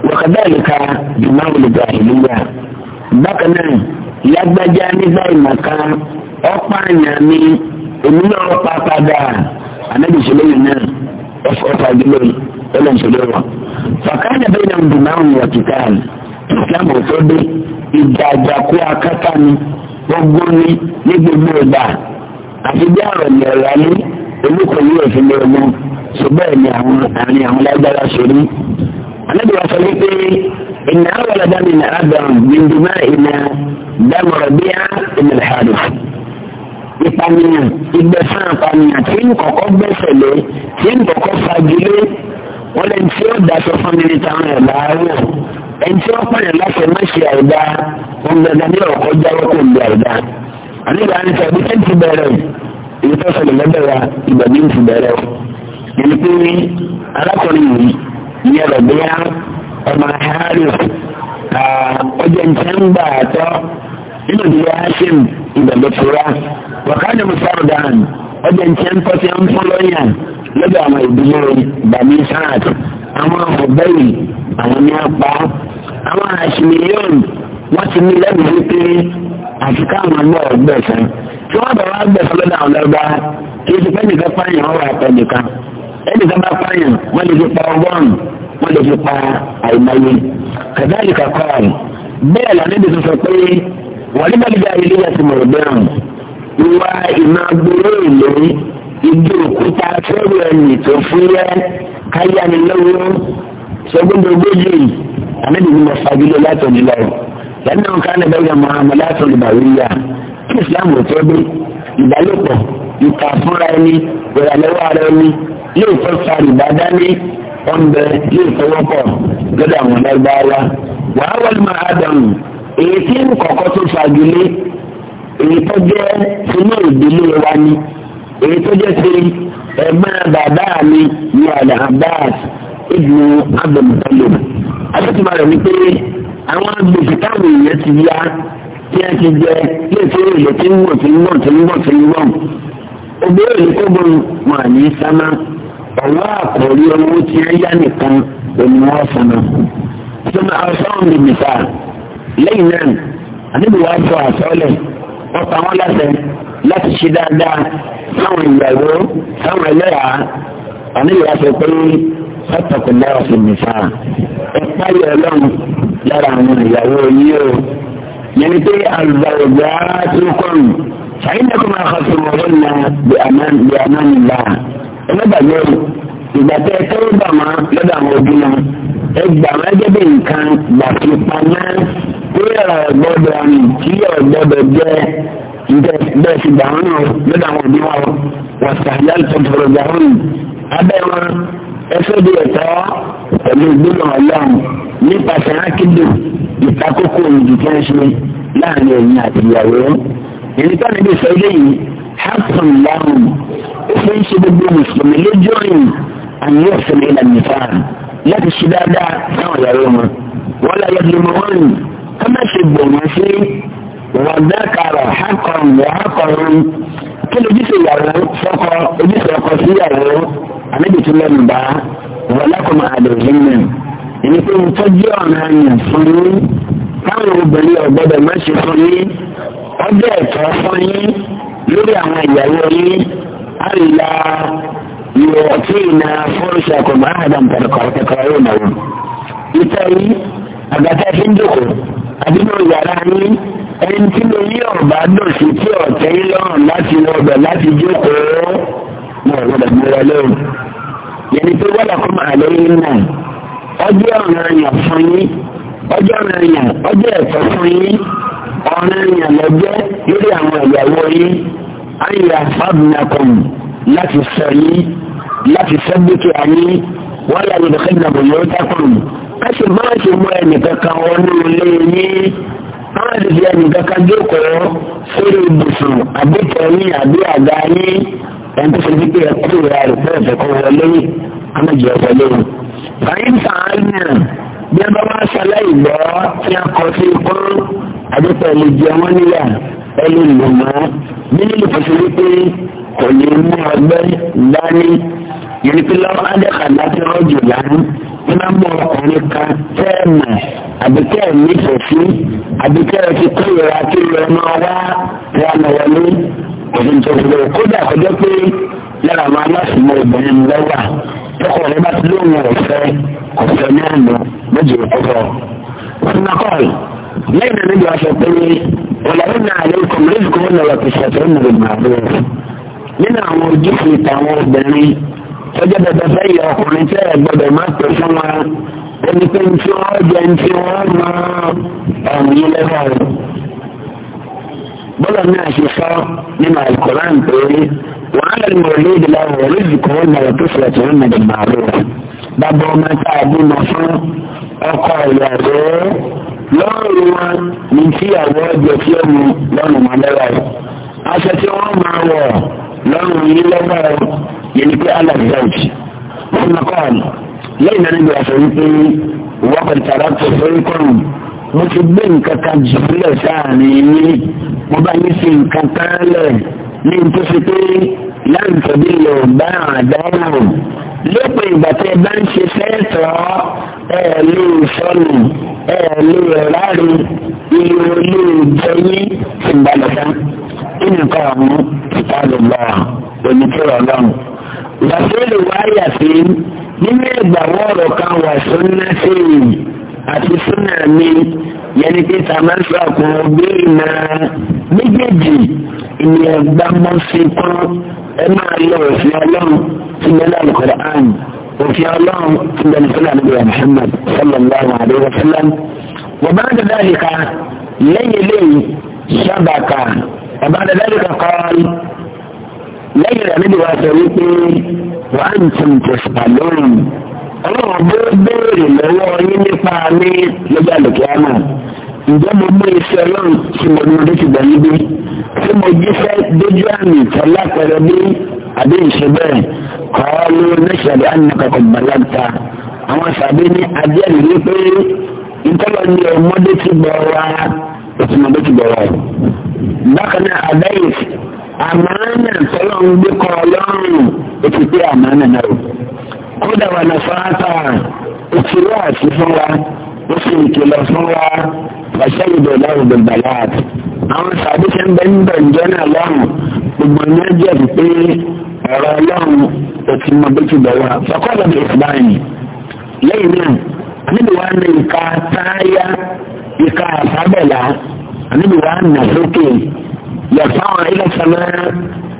wọ̀kadàlì ka dùmáwò lè gbà ìlúwà bákan náà lágbájá nígbà ìmọ̀ká ọ̀pá àyàn mi òmìnira ọ̀pá padà ànábìsílẹ̀ náà ọ̀pá ìdílé ọlọ́ọ̀sọ̀lẹ́wà fàkàlẹ̀ bẹ́ẹ̀ náà dùmáwò wọ̀ kíkàlì ìsìlámù tó dé ìjà akátá ni gbogbo ni ní gbogbo ìgbà àti bí àwọn ènìyàn ọ̀la ní olùkọ́ yìí ò fi lè mọ ṣùgbọ́n ẹ̀mí àwọn àárín àwọn lágbára sórí. àlejò wa sọ wípé ìnà àwọlẹ̀ dá mi nà ábẹ̀rún gbìndínmá ìnà dámọ̀rọ̀ bí á ìnà ìhàdù. ìpànìyàn ìgbẹ̀fẹ́ àpànìyàn tí ń kọ́kọ́ gbẹ̀sẹ̀ lé tí ń kọ́kọ́ fagilé wọ́n lẹ́ni tí ó daṣọ fún mi ní táwọn ẹ̀ láàárọ̀ ẹni tí wọ́n pààyàn láti má ṣe àìdá wọn gbẹ̀gbẹ̀ ní ọ̀kọ́ jáwọ́ kò ń bẹ àìdá àníyàn ní sọ ìbísẹ́ ti bẹ̀rẹ̀ èyí tó sọlẹ̀ lọ́dọ̀ wa ìgbà bí ti bẹ̀rẹ̀ o èyí pé ní arákùnrin yìí ìyẹn rẹ̀ bí yá ọmọ harris ọjọ́ nǹkan gbà àtọ́ nínú ìdílé hashim ìgbàlótura wàkàní musaru dan ọjọ́ nǹkan tó ti ń fún lọ́yà lọ́dọ̀ àwọn ìdílé bàmí sáàt àwọn ọ̀bẹ́yì àwọn ní apá àwọn àṣìlẹ̀ yóò wọ́n ti ní àti káwọn ọgbẹ́ ọgbẹ́sẹ̀ tí wọ́n bẹ̀rẹ̀ wá gbẹ̀sẹ̀ lọ́dọ̀ àwọn ọlọ́gbà kí ti pẹ́ẹ́nìkan pààyàn ọ̀rọ̀ àtẹ̀nìkan ẹnìkan bá pààyàn wọ́n lè fi pa ọgọ́rùn wọ́n lè fi pa àìmọye kàdáàlì kàkọ́ bẹ́ẹ̀ lànàbì sọ pé wọ́n ní bẹ́ẹ̀ bẹ́ẹ̀ ilé yẹn ti mọ̀ bẹ́ẹ̀rùn ìwà ìmọ̀ agbóró ìlú ìdí òkúta fẹ́rù ẹnì tó fúyẹ́ káyánilówó sọgbọ́ndọ̀gbọ́jì àmì lẹ́nu kan lè bẹ́ẹ̀ muhammadu olùbàwíyà kí islam ò tó dé ìbálòpọ̀ ìta fúnra ẹni ìrànlọ́wọ́ ara ẹni yóò tó fa ìbádá ní ọ̀nbẹ yóò tọwọ́pọ̀ lọ́dọ̀ àwọn ọ̀dọ́gbáwa wàá wọlé máa dànù èyí tí ń kọ̀kọ́ tó fagilé èyí tó jẹ́ sínú ìdílé wa ni èyí tó jẹ́ sí ẹ̀gbọ́n bàbá mi ní àdàbà ibnu abdulmutallib àwọn gbèsè táwọn èèyàn ti yá tí a ti jẹ tí èsì èèyàn ti ń wọ̀ ti ń wọ̀ ti ń wọ̀ ti ń wọ̀ obìnrin yìí kó bọ́n wọn àní sáná ọ̀wọ́ àkọ́rí owó tí a yá nìkan òní wọ́n sáná. sọ́nà àwòsàn mi nìta lẹ́yìn náà àdébùwà sọ àsọ́lẹ̀ wọ́n pa wọ́n láti ṣe dáadáa sáwọn ìyàwó sáwọn ẹlẹ́yà àníyàn sọ pé ọ̀tọ̀kùn náà fi nìfà ìpáyọ̀ ọlọ́run lára àwọn ìyàwó yìí o yẹni pé àlùbáwògbà tó kọ́n fàyínàkùn máa kọ́ sí mọ̀rọ́ nà bí àmánì bá ẹlẹ́bàgbé ìgbà tẹ́ tẹ́wọ́ bà má lọ́dọ̀ àwọn òbí náà ẹgbà má gẹ́gẹ́ nǹkan gbàfi pamá wíyàrá ọ̀gbọ́dọ̀ àmì tí ọ̀gbọ́dọ̀ jẹ́ bẹ́ẹ̀ sì gbà lọ́dọ̀ àwọn òbí wọn wọ̀sàn yálùtọ̀ tọ̀rọ̀ gbà ẹsẹ̀ bí ẹ̀tọ́ pẹ̀lú gbólọ Ọlọ́run nípasẹ̀ akéde ìtakókò ìdìtẹ ṣe láàrin ẹ̀yin àti ìyàwó ìrìntàn níbi ìfẹ́ eléyìí hapun lahun ó fi ń ṣe gbogbo mùsùlùmí lójú ọyìn àmì ọ̀sẹ̀lẹ̀ ìlànà ìfàhàn láti ṣe dáadáa sáwọn ìyàwó wọn wọn láyé bí mo wọn rìn ká má ṣe gbòòrùn sí wàdákàrà hákọrùn wàhákọrùn kí lójúṣe ìyàwó sọkọ ojúṣe ọkọ sí ìyàwó. ànábì tún lẹ́nu bá wọlékùnmọ́ àdéhùn náà èyí pé ìtọ́jú ọ̀nà àyàn fún yín táwọn obìnrin ọ̀gbọ́dọ̀ má ṣe fún yín ọjọ́ ẹ̀tọ́ fún yín lórí àwọn ìyàwó yín àlá ìwọ̀tí ìnà fọ́ọ̀ṣà kò má àdàm tẹ̀kọ̀tẹ̀kọ̀ yóò nà wọ́n. ìtọ́ yìí àgbàtà fi ń dòkò àdínú yàrá yín ẹni tí mo yí ọ̀bá dòsí tí ọ̀tẹ́ yín lọ́rùn láti wọ láti jókòó wọn gbọ́dọ̀ múra lóhùn yẹni pé wọ́dà kọ́ máa lóyún náà ọjọ́ ọ̀ràn yàn fún yín ọjọ́ ọ̀ràn yàn ọjọ́ ẹ̀kọ́ fún yín ọ̀ràn yàn lọ́jọ́ lórí àwọn ìyàwó yín àyà fábùnàkùn láti sọ yín láti sọ dúkìá yín wọ́n yà lè dọ̀kẹ́ ìdàbò yóò dákùn káṣí bá ti mú ẹnìkan kan wọnú ilé yín ẹni tó ṣe pé ẹkú rẹ àrùkọ ẹ̀fẹ̀ kọ́ wọlé amájẹ wọlé o. fàyín sàánà bí ẹ bá wá ṣàlàyé gbọ́ tí a kọ sí ikú àdúgbò ẹ̀lẹ́ jẹ wọ́n níyà ẹ̀lẹ́ lò mọ́ bí nílùú kò ṣe wípé kò lè mú ọgbẹ́ dání yìí pé lọ́wọ́ adẹ́ka láti rọ́jò lánàá tí wọ́n mú ọkùnrin kan tẹ́ẹ̀mà àbíkẹ́ ẹ̀ nífẹ̀ẹ́ sí àbíkẹ́ ẹ̀ ti kó ìrora kí ìrora máa wá ìranà wọlé pẹ̀lú ìjọba kódà kọjọ́ pé lára máa láti mọ obìnrin lọ́wà tọkọ rẹ bá ti lóhùn ọ̀fẹ́ ọ̀fẹ́ náà lọ méjì ọ̀fọ́. sinakọ́ọ̀lù lẹ́yìn náà níbi ọ̀fẹ́ pé ọ̀làwé náà lè kọ́ méjì kọ́ ọ̀nà ọ̀tí ṣàtọ́ ìmọ̀lẹ̀ gbàgbọ́. nínú àwọn ojúṣe ìtàwọn obìnrin tọ́jọ́ bẹ̀bẹ̀ fẹ́ yẹ ọkùnrin tẹ́ ẹ̀ gbọ́dọ̀ má pè fún wa ẹni pé ní tí wọ́n jẹ ní tí wọ́n máa ọ̀nà ilé báyìí bọ́lá náà ṣe sọ nínú alukoran pé wọ́n á lọ́ọ́ lórí ìdílé àwọn oríṣi kan wọ́n mọ̀rọ̀ tó fìlà tó wọ́n mọ̀rọ̀ màálù rẹ̀. bàbá ọmọ tá a bímọ fún ọkọ ìyàwó lọ́ọ̀rù wọn ní tíyàwó ọjọ́ tí ó mu lọ́rùn wọn lọ́wọ́ rẹ̀. aṣọ tí wọ́n máa wọ̀ lọ́rùn yìí lọ́wọ́ rẹ̀ yẹn ni pé aláàbíyàwó wọn kọ́ lẹ́yìn náà níbi àṣọ wípé wọ́n kọ́ mo ti gbé nǹkan kan jù lẹ̀ sáàrin yín mo bá yín sí nǹkan kan lẹ̀ ní n tó ṣe pé láǹtọ̀bí yóò bá àdáhùn lópin ìgbà tí ẹ bá ń ṣe sẹ́ẹ̀tọ̀ ẹ lè sọnù ẹ lè ráre iye olè jẹyìn ti gbàlọ́dá nǹkan ọ̀hún ìta lọ́gbà onítìrọ̀ ọlọ́run. ìgbà tí ó lè wáyà sí nínú ìgbà wọ́ọ̀rọ̀ kan wà sóńnà sí i àti súnà mi yẹni pé tàmásà kò béèrè náà méjèèjì ìyẹn gbámọ́sí kan ẹ máa lọ òfin ọlọ́run tí mẹ́lá àlùkọ́dà áàmù òfin ọlọ́run tí mẹ́lá sílẹ̀ àdúgbò Muhammad sallallahu alayhi wa sallam wọ́n bá ń dada nìka lẹ́yìn lẹ́yìn sábàkà wọ́n bá ń dada nìka kọ́ọ́lì lẹ́yìn rẹ̀ níbi wàá wípé wàá ń tún tẹ̀sán lórí ọlọ́run bó béèrè lọ́wọ́ yín nípa ní lọ́jà lòkè àmà ǹjẹ́ mo mú iṣẹ́ ọlọ́run tí mo ní lóṣù gbà níbí tí mo jíṣẹ́ dójú àmì tọ́lá pẹ̀lú bí àbí ìṣe bẹ́ẹ̀ kọ́ ló lẹ́sẹ̀rẹ̀ ànàkàkọ̀ gbàlagbà àwọn sàbí ní adẹ́rì ní pé ìtọ́lọ́ ni ọmọdé ti bọ̀ wá òtúmọdé ti bọ̀ wá bákan náà àbẹ́yìí àmàlà tọ́lọ́ ń gbé kọ́ ọlọ́run ó pé àmàlà náà kódà wà nà fáátà òṣèré àti fún wa ó sì ń kìlọ̀ fún wa pàṣẹ ìdọ̀lá ìdọ̀gbàlá àti àwọn sàbí ṣe ń bẹ ń bẹ̀ ǹjẹ́ náà lọ́rùn gbogbo ní ọjọ́ pé ọ̀rọ̀ ọlọ́run òtí mọ bí ti bẹ̀rẹ̀ wa fọkọ́lọ́ bí ìfúnná yìí lẹ́yìn náà níbi wàá ní ìka táyà ìka àfábẹ̀lá níbi wàá nà sókè yàtọ̀ ilẹ̀ sàmà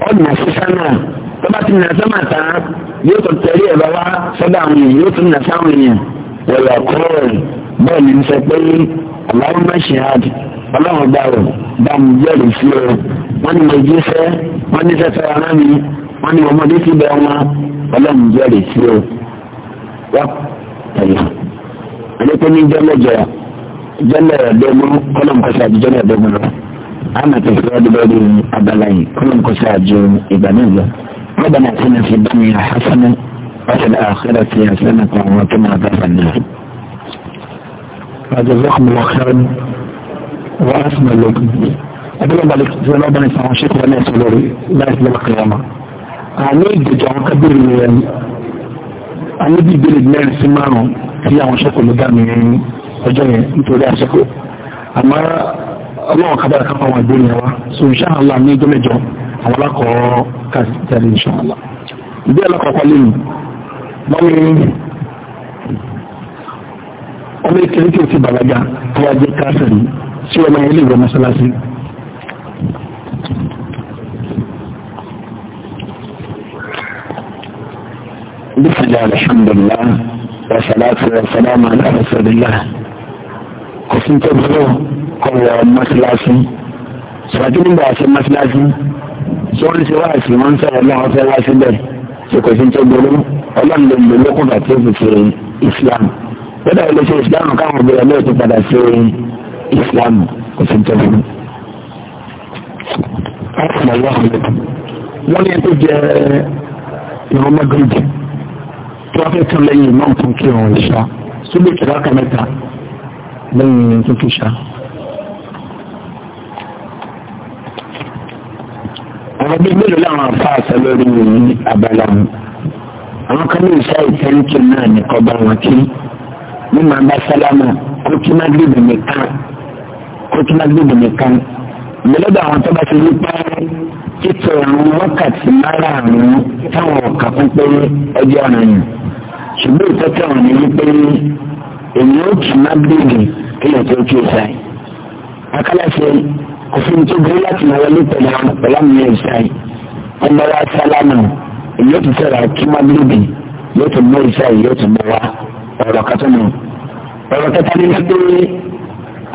ọ̀nà sísánà tó bá ti nà sàmà tán yóò tó tẹ̀lé ẹ̀rọ wá sọ́dọ̀ àwọn èèyàn yóò tún nà sáwọn èèyàn wọ̀yà kúrọ̀ọ̀lù bẹ́ẹ̀ ni n sọ pé aláwọ̀ mẹ́ṣíhàd ọlọ́run gbà rẹ̀ bá mi jẹ́rìí sí ọ wọ́n ní mo jí sẹ́ wọ́n ní sẹ́sẹ́ ara mi wọ́n ní ọmọdé ti bẹ̀ wọn ọlọ́run jẹ́rìí sí ọ wọ́n tẹ̀lé ẹni pé jẹ́lẹ̀ jẹ́lẹ̀ ẹ̀ẹ́dẹ́gbọ́n kọ́lọ́mù kọ́sà àti jẹ́lẹ̀ ẹ̀ẹ́dẹ́gbọ́n náà. أما تفرد بين أبلين كل قساج إبنية ربنا اتنا في الدنيا حسنة وفي الآخرة حسنة وكما عذاب النار هذا الله الأخير وأسمى لكم أبدا بالك ربنا يسمع شيخ ولا يسولوري لا يسلم القيامة. أنا يجي جاوك بير أنا يجي بلد دماغ سمانو في عن شكل دامي وجاي أنتوا لا شكل أما ọlọ́run kábàrà ká fáwọn ìgbóni wa so inṣàlá ní ẹjọ́ mẹ́jọ àwọn alákọ̀ọ́ kàtẹ́lẹ̀ inṣàlá ìdí alákọ̀ọ́kọ́ lẹ́nu wọ́n ní ọmọ ìkẹrin tí ó ti bàlágà tó wá jẹ́ káàkiri sí ọmọ ilé ìwé mọ́sálásí بسم الله الحمد لله والصلاة والسلام على رسول الله قسمت بلوه kọ̀wọ̀ mọ́ṣáláṣí ṣàkí nígbà ṣe mọ́ṣáláṣí ṣé wọ́n ṣe wá àṣì wọ́n ń sọ̀rọ̀ ọlọ́run fẹ́ wá síbẹ̀ ṣe kò sí ń tó ọlọ́run lè lò lókùn bàtí ó fi ṣe islam bẹ́ẹ̀ ló ṣe islam káwọn obìnrin náà ti padà ṣe islam kò sí ń tó gbóló. wọ́n ní ẹni tó jẹ́ ìwọ́n mẹ́gàdì tí wọ́n fẹ́ tún lẹ́yìn náà tún kí òun ìṣá súbìkì rákà mẹ́ta lẹ́yìn tó kí ìṣá. àwọn bíi mélòó làwọn afáàsọ lórí yìí abala wọn àwọn kan ní ìṣá ìtẹ́ǹkì náà ní kọ́ bá wọn kí ní màá bá sálámà kó kí má gbèbè nìkan kó kí má gbèbè nìkan ìgbẹ́lẹ́dọ̀ àwọn tó bá ti rí pé títọ̀ àwọn wákàtí márààrún táwọn ọ̀kà kún pé ọjọ́ yìí ṣùgbọ́n ìtọ́jú àwọn ní wípé èmi ó kì má gbèbè kí lè tó kí o sáì akálàṣe kò sí ní tó burú láti máa wọlé pẹ̀lú àwọn pẹ̀lú àmì ìṣáì ọmọ wa sálámù yóò ti sọ̀rọ̀ kí má bíbí yóò ti mú ìṣáì yóò ti mú wa ọ̀rọ̀ kátó nù. ọ̀rọ̀ kẹta ní pé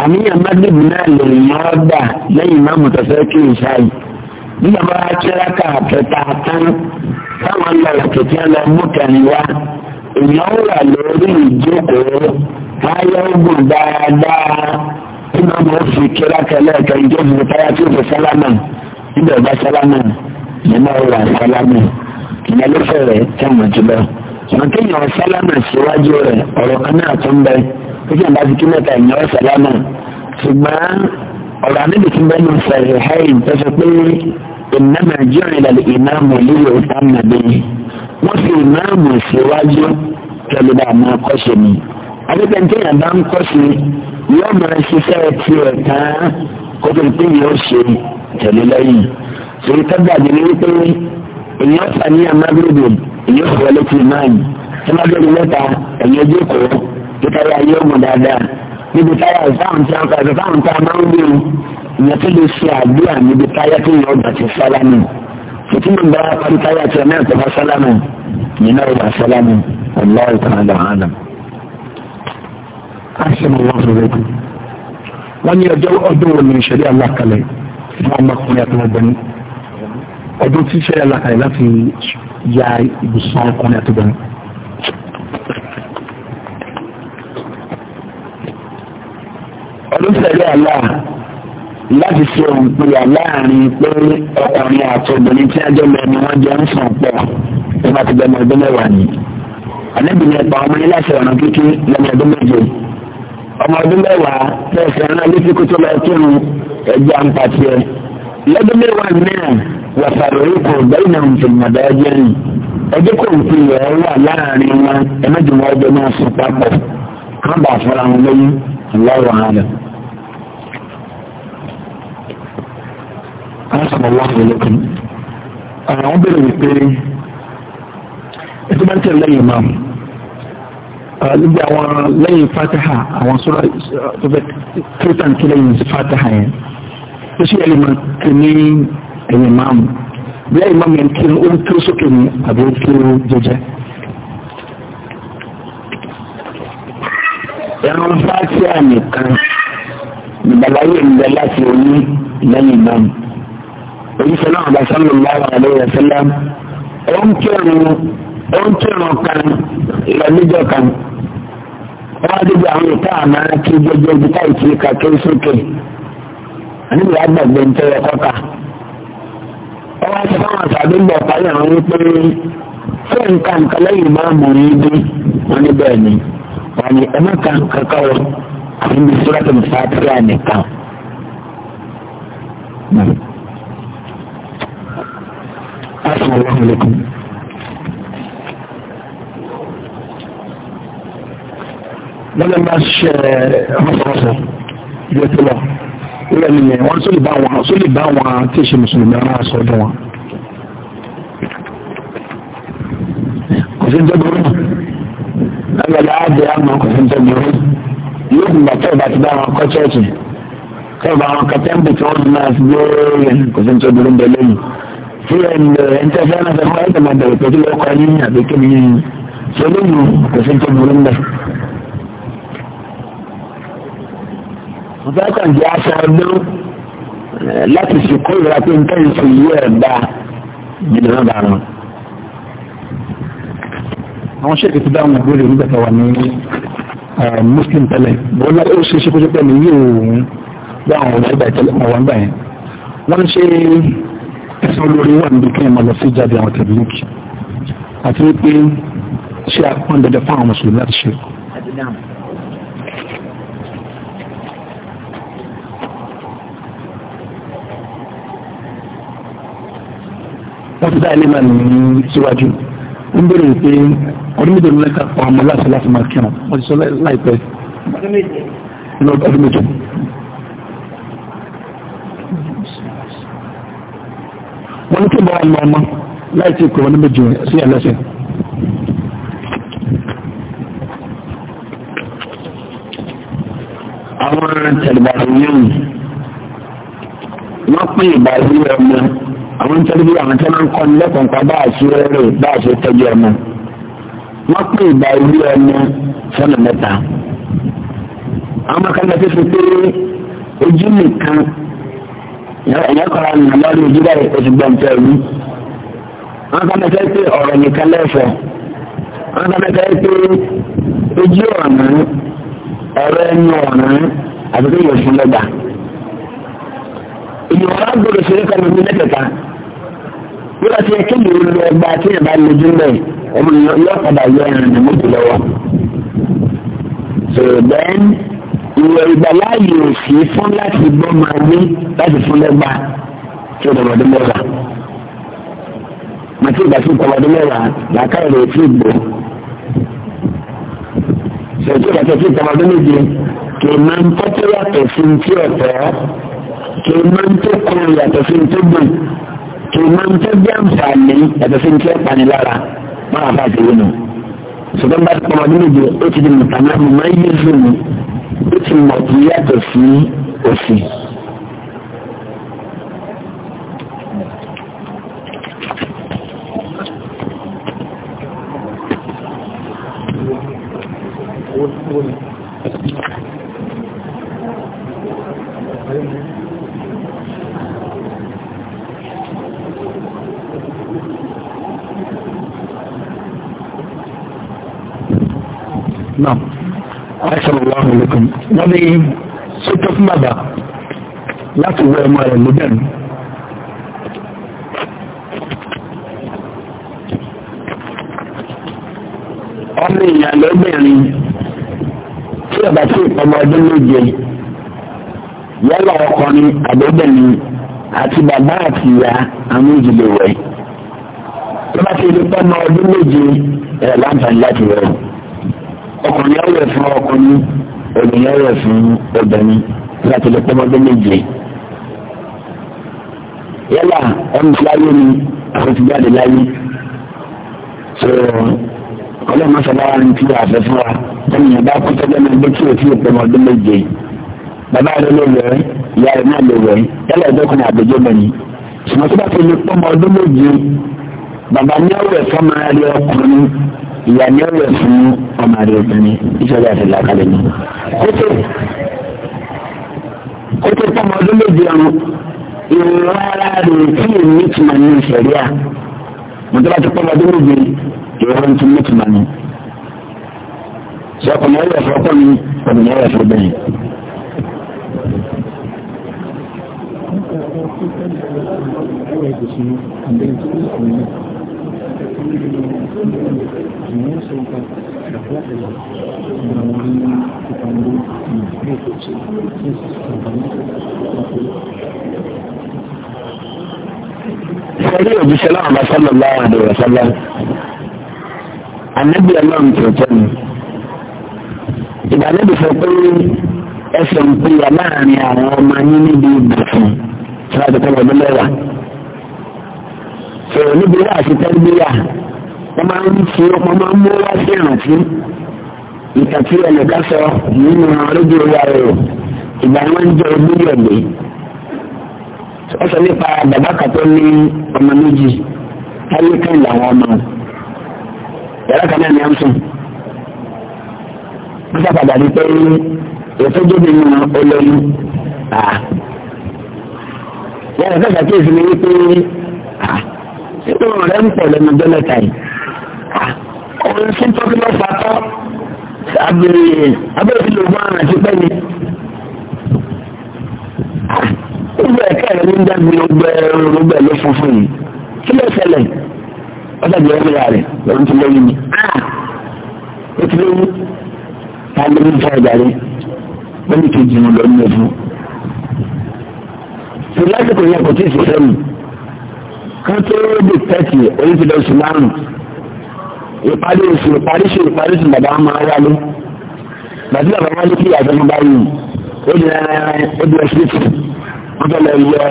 àníyàn má bíbí náà lè yàn ọ́ gbà lẹ́yìn má mọ̀tọ́sẹ́ kí ìṣáì nígbà bá kíláka àtẹ̀tà tán táwọn lọ́la kẹ̀kẹ́ lọ mú kẹrin wá èèyàn wà lórí ìjókòó táyà ó dáadáa tí màá mọ̀ ó fi kílákẹ́lẹ́ ẹ̀kẹ́ ìjọ ìbò táyà tí ó fi sálámà níbẹ̀ bá sálámà ní máa wà sálámà ìyá ló fẹ̀rẹ̀ táwọn jùlọ. Màkìyàn sálámà síwájú rẹ̀ ọ̀rọ̀ kan náà tó ń bẹ ó sì ń bá ti kí mẹ́ta ìyàn sálámà ṣùgbọ́n ọ̀rọ̀ àmì bìtì bẹ́ẹ̀ ló fẹ̀rẹ̀ hẹ́yìn tó sọ pé ìnáma jẹ́ ìlàlẹ̀ ìnáàmù lílo ìtàmàdé wọ́n fi ìnáàmù síwájú kẹlẹ́bà máa kọ́ṣe mi àdébẹ̀ ní ìyàn bá ń kọ́ sí yóò máa ṣiṣẹ́ tiẹ̀ tán kó tó pé yóò ṣe tẹ̀lé lẹ́yìn torí tábìlì àdìrí wípé èèyàn fani àmàgbèrè èèyàn fọwọ́ létí máàyì tí wọ́n bẹ̀rẹ̀ mẹ́ta èèyàn jókòó kíkà yà yóò mọ̀ dáadáa níbi táyà ìfáwọn tí a ń kọ́ àti ìfáwọn tí a máa ń gbé ìyẹn tó lè ṣe àdúrà níbi táyà tó yàn ọgbà ti sálámù fìtínú bá pàrí táyà tó yàn náà tó bá sálámù yìí náà ọgbà sálámù ọlọ́ọ̀tàn àdàhánà àṣẹmọ wọn fẹrẹ bí wọn ní ọjọ́ ọdún wo ni ìṣẹ̀lẹ̀ alákalẹ̀ fún ọmọkùnrin àti ọmọbìnrin ọdún tí ìṣẹ̀lẹ̀ alákalẹ̀ láti ya ibùsùn ọkùnrin àti ọmọbìnrin. ọdún sẹ̀lẹ̀ àlá láti ṣe òǹpìyà láàrin pé ọkùnrin àti obìnrin tí ajọ́ mẹ́rin wọ́n jẹ́ ń sàn pọ̀ nígbà tí bẹ́ẹ̀ mọ́ ọdún mẹ́wàá ni. àníbi ni ẹ̀pà ọmọ yẹn láti ọ̀nà kíkí lẹ́nu ọdún méje ọmọ ọdún mẹ́wàá tẹ̀sán náà létí kótó lọ kírun ẹgbẹ́ àǹpàtì ẹ̀. lọ́dún mẹ́wàá náà wàfàlórí kò gbẹ́yìn náà nǹkan mọ̀dá ẹgbẹ́ rìn ẹgbẹ́ kò ń fi ẹ̀ wà láàrin wọn ẹ̀mẹ́jùmọ́ ọjọ́ náà sùn papọ̀ kán bá fara wọn lóyún ọlọ́run ààrẹ. asàmọ̀láhùn lókun àwọn bẹ̀rẹ̀ wípé ẹgbẹ́ bá ń tẹ̀lé ìmáàmù Ah, níbi àwọn lẹ́yìn fataha àwọn sura tó fẹ́ kírísítàn kí lẹ́yìn fataha yẹn ó sì ẹ̀lì máa kí ní ẹ̀yìn máàmù bí ẹ̀yìn máàmù yẹn kí ó ń kí ó sókè ní àbí ó kí ó jẹjẹ. ẹran fatiha nìkan ìgbàláyé ìgbà láti oní lẹ́yìn máàmù oníṣẹ́ náà bá sálọ̀ láwọn àlẹ́ ìrẹsẹ́lá ó ń kí ẹ̀rù ó ń kírun kan ìrọ̀lẹ́jọ́ kan wọ́n á débi àwọn ìta àmà kí gbogbo ibi táyì kí ká kí sókè àníbi àgbàgbé ń tẹ́lẹ̀ kọ́ka wọ́n á sọ fáwọn àtàdégbò ọ̀páyé àwọn wípé fẹ́ nǹkan nǹkan lẹ́yìn máa mọ̀ ní ibi wọn ní bẹ́ẹ̀ ni wọ́n ní ẹ̀mọ́ kan kankan wọ àfi ní sọ́dọ̀tì mùsàtìrì ànìkan. Assalamu alaikum. lọ́nà bá ṣe ọmọsọ̀rọ̀sọ̀ ilé tó lọ ilé nìyẹn wọ́n tó lè bá wọn tó lè bá wọn tí ṣe mùsùlùmí ara sọ ọdún wọn kò sí jẹ́gbẹ̀rú lọ́gbẹ̀lá àdé àmọ́ kò sí jẹ́gbẹ̀rú yóò fún bàtẹ́ ìbá ti bá wọn kọ́ chọ́ọ̀chì kọ́ọ̀bà àwọn kẹtẹ́ǹbì tí wọ́n ti máa fi gbé kò sí jẹ́gbẹ̀rú bẹ̀ lẹ́yìn tí ẹ̀ńtẹ́fẹ́ náà fẹ́ fún ẹ̀ńtẹ́ wọ́n fẹ́ kàn jẹ́ aṣọ ọdún eh, láti ṣèkó ìrora pé nǹkan ìṣe yìí ẹ̀ dá nínú náà bá wọn. àwọn ṣèkè ti dáhùn ìgbélé nígbà tó wà ní eh, muslim tẹ́lẹ̀ bọ́n náà ó ṣe é ṣe kó ṣe pẹ̀lú yìí òun bí àwọn ọ̀rọ̀ ìgbà ìtẹ́lẹ̀ ọ̀wọ́ ń gbà yẹn. wọ́n ṣe ẹ̀sìn olórí wà níbi kí ẹ̀ máa lọ sí jáde àwọn tẹ̀lé àti wípé ṣé àpọ́n dandan fún àwọn mùsùlùmí láti ṣe. wọ́n ti dá ilé máa ní síwájú ń bèrè pé ọdún méje ló lẹ́ka pa ọmọ láti láti máa kírun wọ́n ti sọ láìpẹ́ ọdún méje. wọ́n ní kí n bá ọmọ ọmọ láì tí kò wọ́n ní méje sí ẹlẹ́sẹ̀. àwọn tẹ̀lébàrún yóò wọ́n pín ìbàlú ọmọ àwọn ń tẹ́lẹ̀ bí àwọn tẹ́lẹ̀ máa ń kọ́ lẹ́kọ̀ọ́ nípa bá àṣẹ rẹ̀ bá àṣẹ tẹ́jú ọmọ wọ́n pè ìgbà ilé ọmọ sọ́nà mẹ́ta àwọn akẹ́lẹ́ tó fi pé ojú nìkan ẹ̀yẹ́ kọ́ra nà lọ́rí ojú bá oṣù gbọ̀ǹtẹ̀ rí wọ́n kọ́ mẹ́ta pé ọ̀rọ̀ nìkan lẹ́fọ̀ wọ́n kọ́ mẹ́ta pé ojú ọ̀nà ọ̀rọ̀ ẹnu ọ̀nà nígbà tí ẹ kéde olú ẹgbà tí ẹ bá lójú ń bẹ̀ ọmọ yóò padà yọ ẹran ní mọ́tò lọ́wọ́. so then ìwẹ̀ ìgbàláàyè òsì fún láti gbọ́ máa ní láti fún lẹ́gbà tí ó dọ̀rọ̀ ọdún mẹ́wàá. màtí ìgbà tí ó dọ̀rọ̀ ọdún mẹ́wàá làákàyè rẹ̀ ti gbò. so tí ìgbà tí ó dọ̀rọ̀ ọdún méje kì í máa ń tọ́tọ́ yàtọ̀ sí ti ọ̀tọ̀ kì í máa ń tó kọ yàtọ̀ sí ti gbò kì í máa ń tó jẹ́ àǹfààní yàtọ̀ sí ti ẹ̀pà ní lára máa wà fáàtì yìí nù. ṣùgbọ́n bá ti pọ̀ ọdún méje ó ti di mùtàmá mi máa ń yé fún mi ó ti mọ̀ kí yàtọ̀ sí òsì. wọ́n ní sótó fún bàbá láti wọ rẹ̀ ló ọmọ tí ọba tí ọmọ ọdún méje yálà ọkùnrin àbẹ́bẹ̀rin àti bàbá àti ìyá àwọn ìjìnlẹ̀ wẹ̀ tó bá ti rí ọdún méje ẹ̀ láǹfààní láti ọkùnrin ọwọ́ ọkùnrin ònìyàn rẹ̀ fún obìnrin láti lè pọ́n ọdún méje. yálà ọ̀nà láyé ni àwọn ti jáde láyé tó ọlọ́run mọ́sálá ń tí àfẹ́ fún wa lẹ́yìn bá kú tẹ́lẹ̀ náà gbé kí òtí ìpọ́n ọdún méje. bàbá rẹ̀ ló wẹ̀ ìyá rẹ̀ náà ló wẹ̀ yálà ẹ̀dọ́kùnrin àbẹ̀jọ́ bẹ̀yìn ṣùgbọ́n tó bá ti lè pọ́n ọdún méje bàbá ní ọ̀rẹ́ fọ́mọ ìyá ni ó yẹ fún ọmọ rẹ obìnrin ìṣẹ̀lẹ̀ àti làkàlẹ ni. kótó kótó tọmọ ọdún méje ọrùn ìrora ara rẹ tí èmi tìmọ̀ ní ìṣẹ̀lẹ̀ à mọ̀tò bá ti pọ́nmọ́ ọdún méje ìrora ń tún mẹ́tìmọ̀ ní. sọ ọkùnrin ọyọ ẹ̀fọ́ ọkọ mi ọkùnrin ọyọ ẹ̀fọ́ bẹ́ẹ̀. Thank you. Ìfọ̀rí òjíṣẹ́ láwọn bá sọ́lọ̀ láwọn àdèrò sọ́lọ́. Ànábì ọlọ́run tó tẹ́ mi. Ìgbàlódé sọ pé ẹsẹ̀ ń pè ya láàrin àwọn ọmọ yín níbi ìgbà fún. Sọ́lá ti ọdún mẹ́wàá sọ̀rọ̀ níbi wá àti tẹ́lifíyà wọ́n máa ń fi wọ́n máa ń mú wá sí ìrántí ìtàtí ẹ̀lẹ́gá sọ nínú rédíò wa rẹ̀ o ìgbà wọn jẹ́ oníyọ̀dé wọ́n sọ nípa bàbá kan tó ní ọmọ méjì táyé kan làwọn ọmọ yàrá kan náà ni à ń sùn wọ́n sàpàdà rí pé ètò jóde nínú olóyún yàrá kan sàkíyèsí ni wípé nínú ọ̀rẹ́ ń pọ̀ lẹ́nu ọjọ́ mẹ́ta yìí. ọ̀rẹ́ tí ń tọ́jú lọ́sà kọ́ abẹ́rẹ́ ti lò wọ́n àrùn àti pẹ́ni. gbogbo ẹ̀ka ẹ̀rọ ní dágbé gbogbo ẹ̀rọ gbogbo ẹ̀ ló funfun yìí kí ló ṣẹlẹ̀ ọ̀sẹ̀ ìgbẹ́ mi rà rẹ̀ lọ́run ti lóyún mi. Ah! ó ti lóyún ta ló ń fẹ́ ọjà rẹ̀ wọ́n ní kejì mi lọ́ọ́ nílẹ̀ fún. ìlú lásìkò yẹn kò tí ì sí fẹ́ mi kan tó di tẹ́tì oníṣẹ́lẹ̀ oṣù márùn ìparí oṣù ìparí oṣù ìparí oṣù bàbá máa wálé bàbá bàbá wọn ní kí àjọ ọmọ báyìí ó di ó di ọṣù tù wọn fẹ́ lọ yọ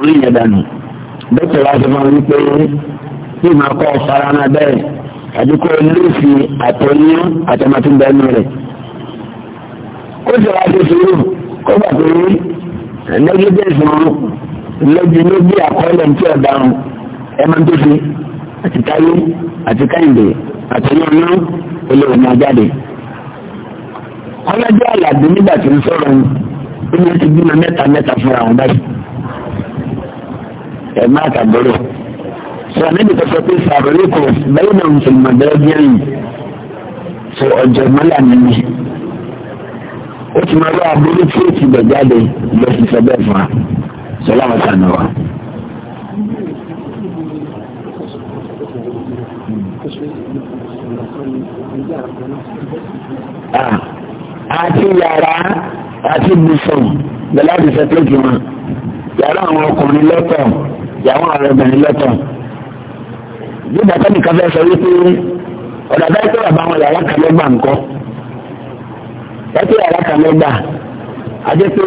orí yẹn dànù dókítà wa sọ fún mi pé kí màá kọ́ fara náà bẹ́ẹ̀ àti kó lóòfì àtọ́nyá àtọ́mátúndánú rẹ̀ ó sì wá sí sùúrù kó gbà pé ẹ̀ẹ́dẹ́gbẹ́sì lẹ́bi ló bí àkọọ́lẹ̀ tí ọ̀daràn ẹ máa ń tó ṣe àti táyé àti káyìndé àtẹnudún olóòwò máa jáde. ọlọ́jọ́ àlàdé nígbà tí ń sọ̀rọ̀ ó ní ti bímọ mẹ́ta mẹ́ta fúnra wọn báyìí. ẹ má tàbọ̀rọ̀ sọ níbi tó sọ pé sàrọ̀lẹ́ kò bẹ́ẹ̀ náà ń sọ̀rọ̀ bẹ́ẹ̀ bí ẹ̀yìn sọ ọjọ́ mọ́là nìyí. ó ti máa wá abúlé tí ó ti bẹ̀ jáde lọ sí sọ bẹ́ẹ̀ fún wa sọlá wọn sànù wa. àti yàrá àti bùsùn bẹ̀lá ti sẹ́pẹ́tì wọn yàrá àwọn ọkùnrin lọ́tọ̀ yàwọn ọ̀rẹ́bìnrin lọ́tọ̀ bí bàtà nìkan fẹ́ sọ wípé ọ̀dà bá tó bàbá wọn yàrá kan lọ́gbà ńkọ́ bàtà yàrá kan lọ́gbà àti pé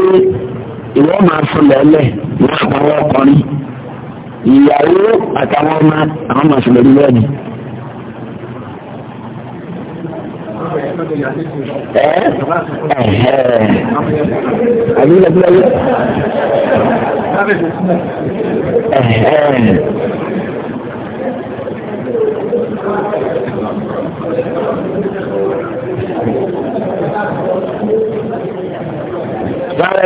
ìwọ máa fún lẹ́lẹ̀ ní àtàwọn ọkùnrin ìyàwó àtàwọn ọmọ àwọn màsùlùmí lẹ́nu. Àbílẹ̀ bí wáyé. rárá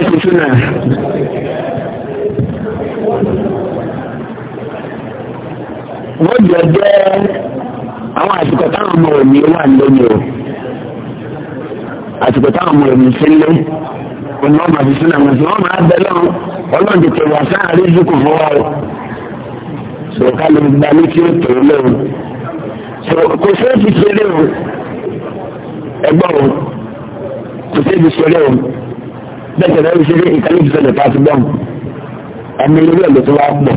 wọ́n jọ jẹ́ àwọn àsìkò táwọn ọmọ òní wà lónìí o àsìkò táwọn ọmọ òní sí lé ọmọ ọmọ àti súnà wọn sí wọn máa bẹ lọ́wọ́ ọlọ́run tètè wà sáà rí zùkù o ká ló ń gba ní tí ó tó kò sí ti o ẹgbọ́n o kò sí ti o. bẹ́ẹ̀ tẹ̀lé ń ṣeré nǹkan ní ìfisẹ̀lẹ̀ tá a ti gbọ́n ọmọ ilé ẹ̀ ló tún wá pọ̀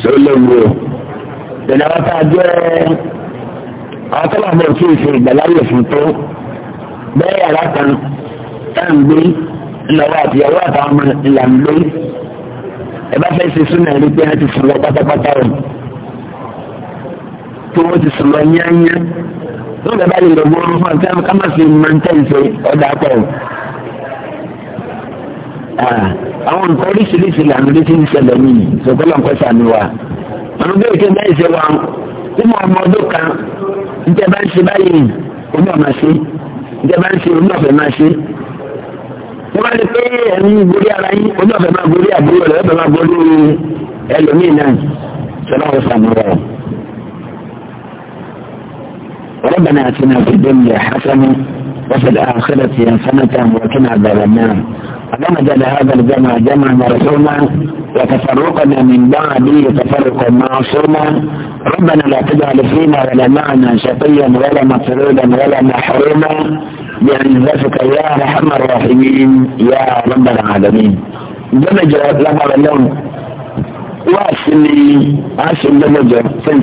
ṣé ó léwu o tẹ̀lé àwọn tá a jẹ́ àwọn tó làwọn òfin ìfẹ́ ìgbàláyè fún tó bẹ́ẹ̀ yàrá kan tá à ń gbé ńlọ́wọ́ àtìyàwó àtàwọn ọmọ ìlà ń gbé ẹ bá fẹ́ ṣe súnà rí pé wọ́n ti sùn lọ pátápátá o tí wọ́n ti sùn lọ yányá lóògbé bá lè lọ gbọ́n fún àti Ah, àwọn nǹkan oríṣiríṣi làwọn ilé tí ń ṣẹlẹ̀ nìyí ṣògbọ́n nǹkan ṣàmì wa àwọn bí òkè báyìí ṣe wa tí mo ọmọ ọdún kan níta bá ń ṣe báyìí omi ọ̀ máa ṣe níta bá ń ṣe omi ọ̀fẹ́ máa ṣe wọ́n bá lè pé ẹ̀mí gorí ara yín omi ọ̀fẹ́ máa gorí àbúrò rẹ̀ ọ̀fẹ́ máa gorí ẹlòmíì náà ṣọlá ọ̀sán mi rẹ̀. ربنا اتنا في الدنيا حسنه وفي الاخره حسنه وقنا عذاب فنمجد هذا الجمع جمع مرسوما وتفرقنا من بعده تفرقا معصوما ربنا لا تجعل فينا ولا معنا شقيا ولا مطرودا ولا محروما بعزتك يا ارحم الراحمين يا رب العالمين جمع جواب لها ولون wá sí ni a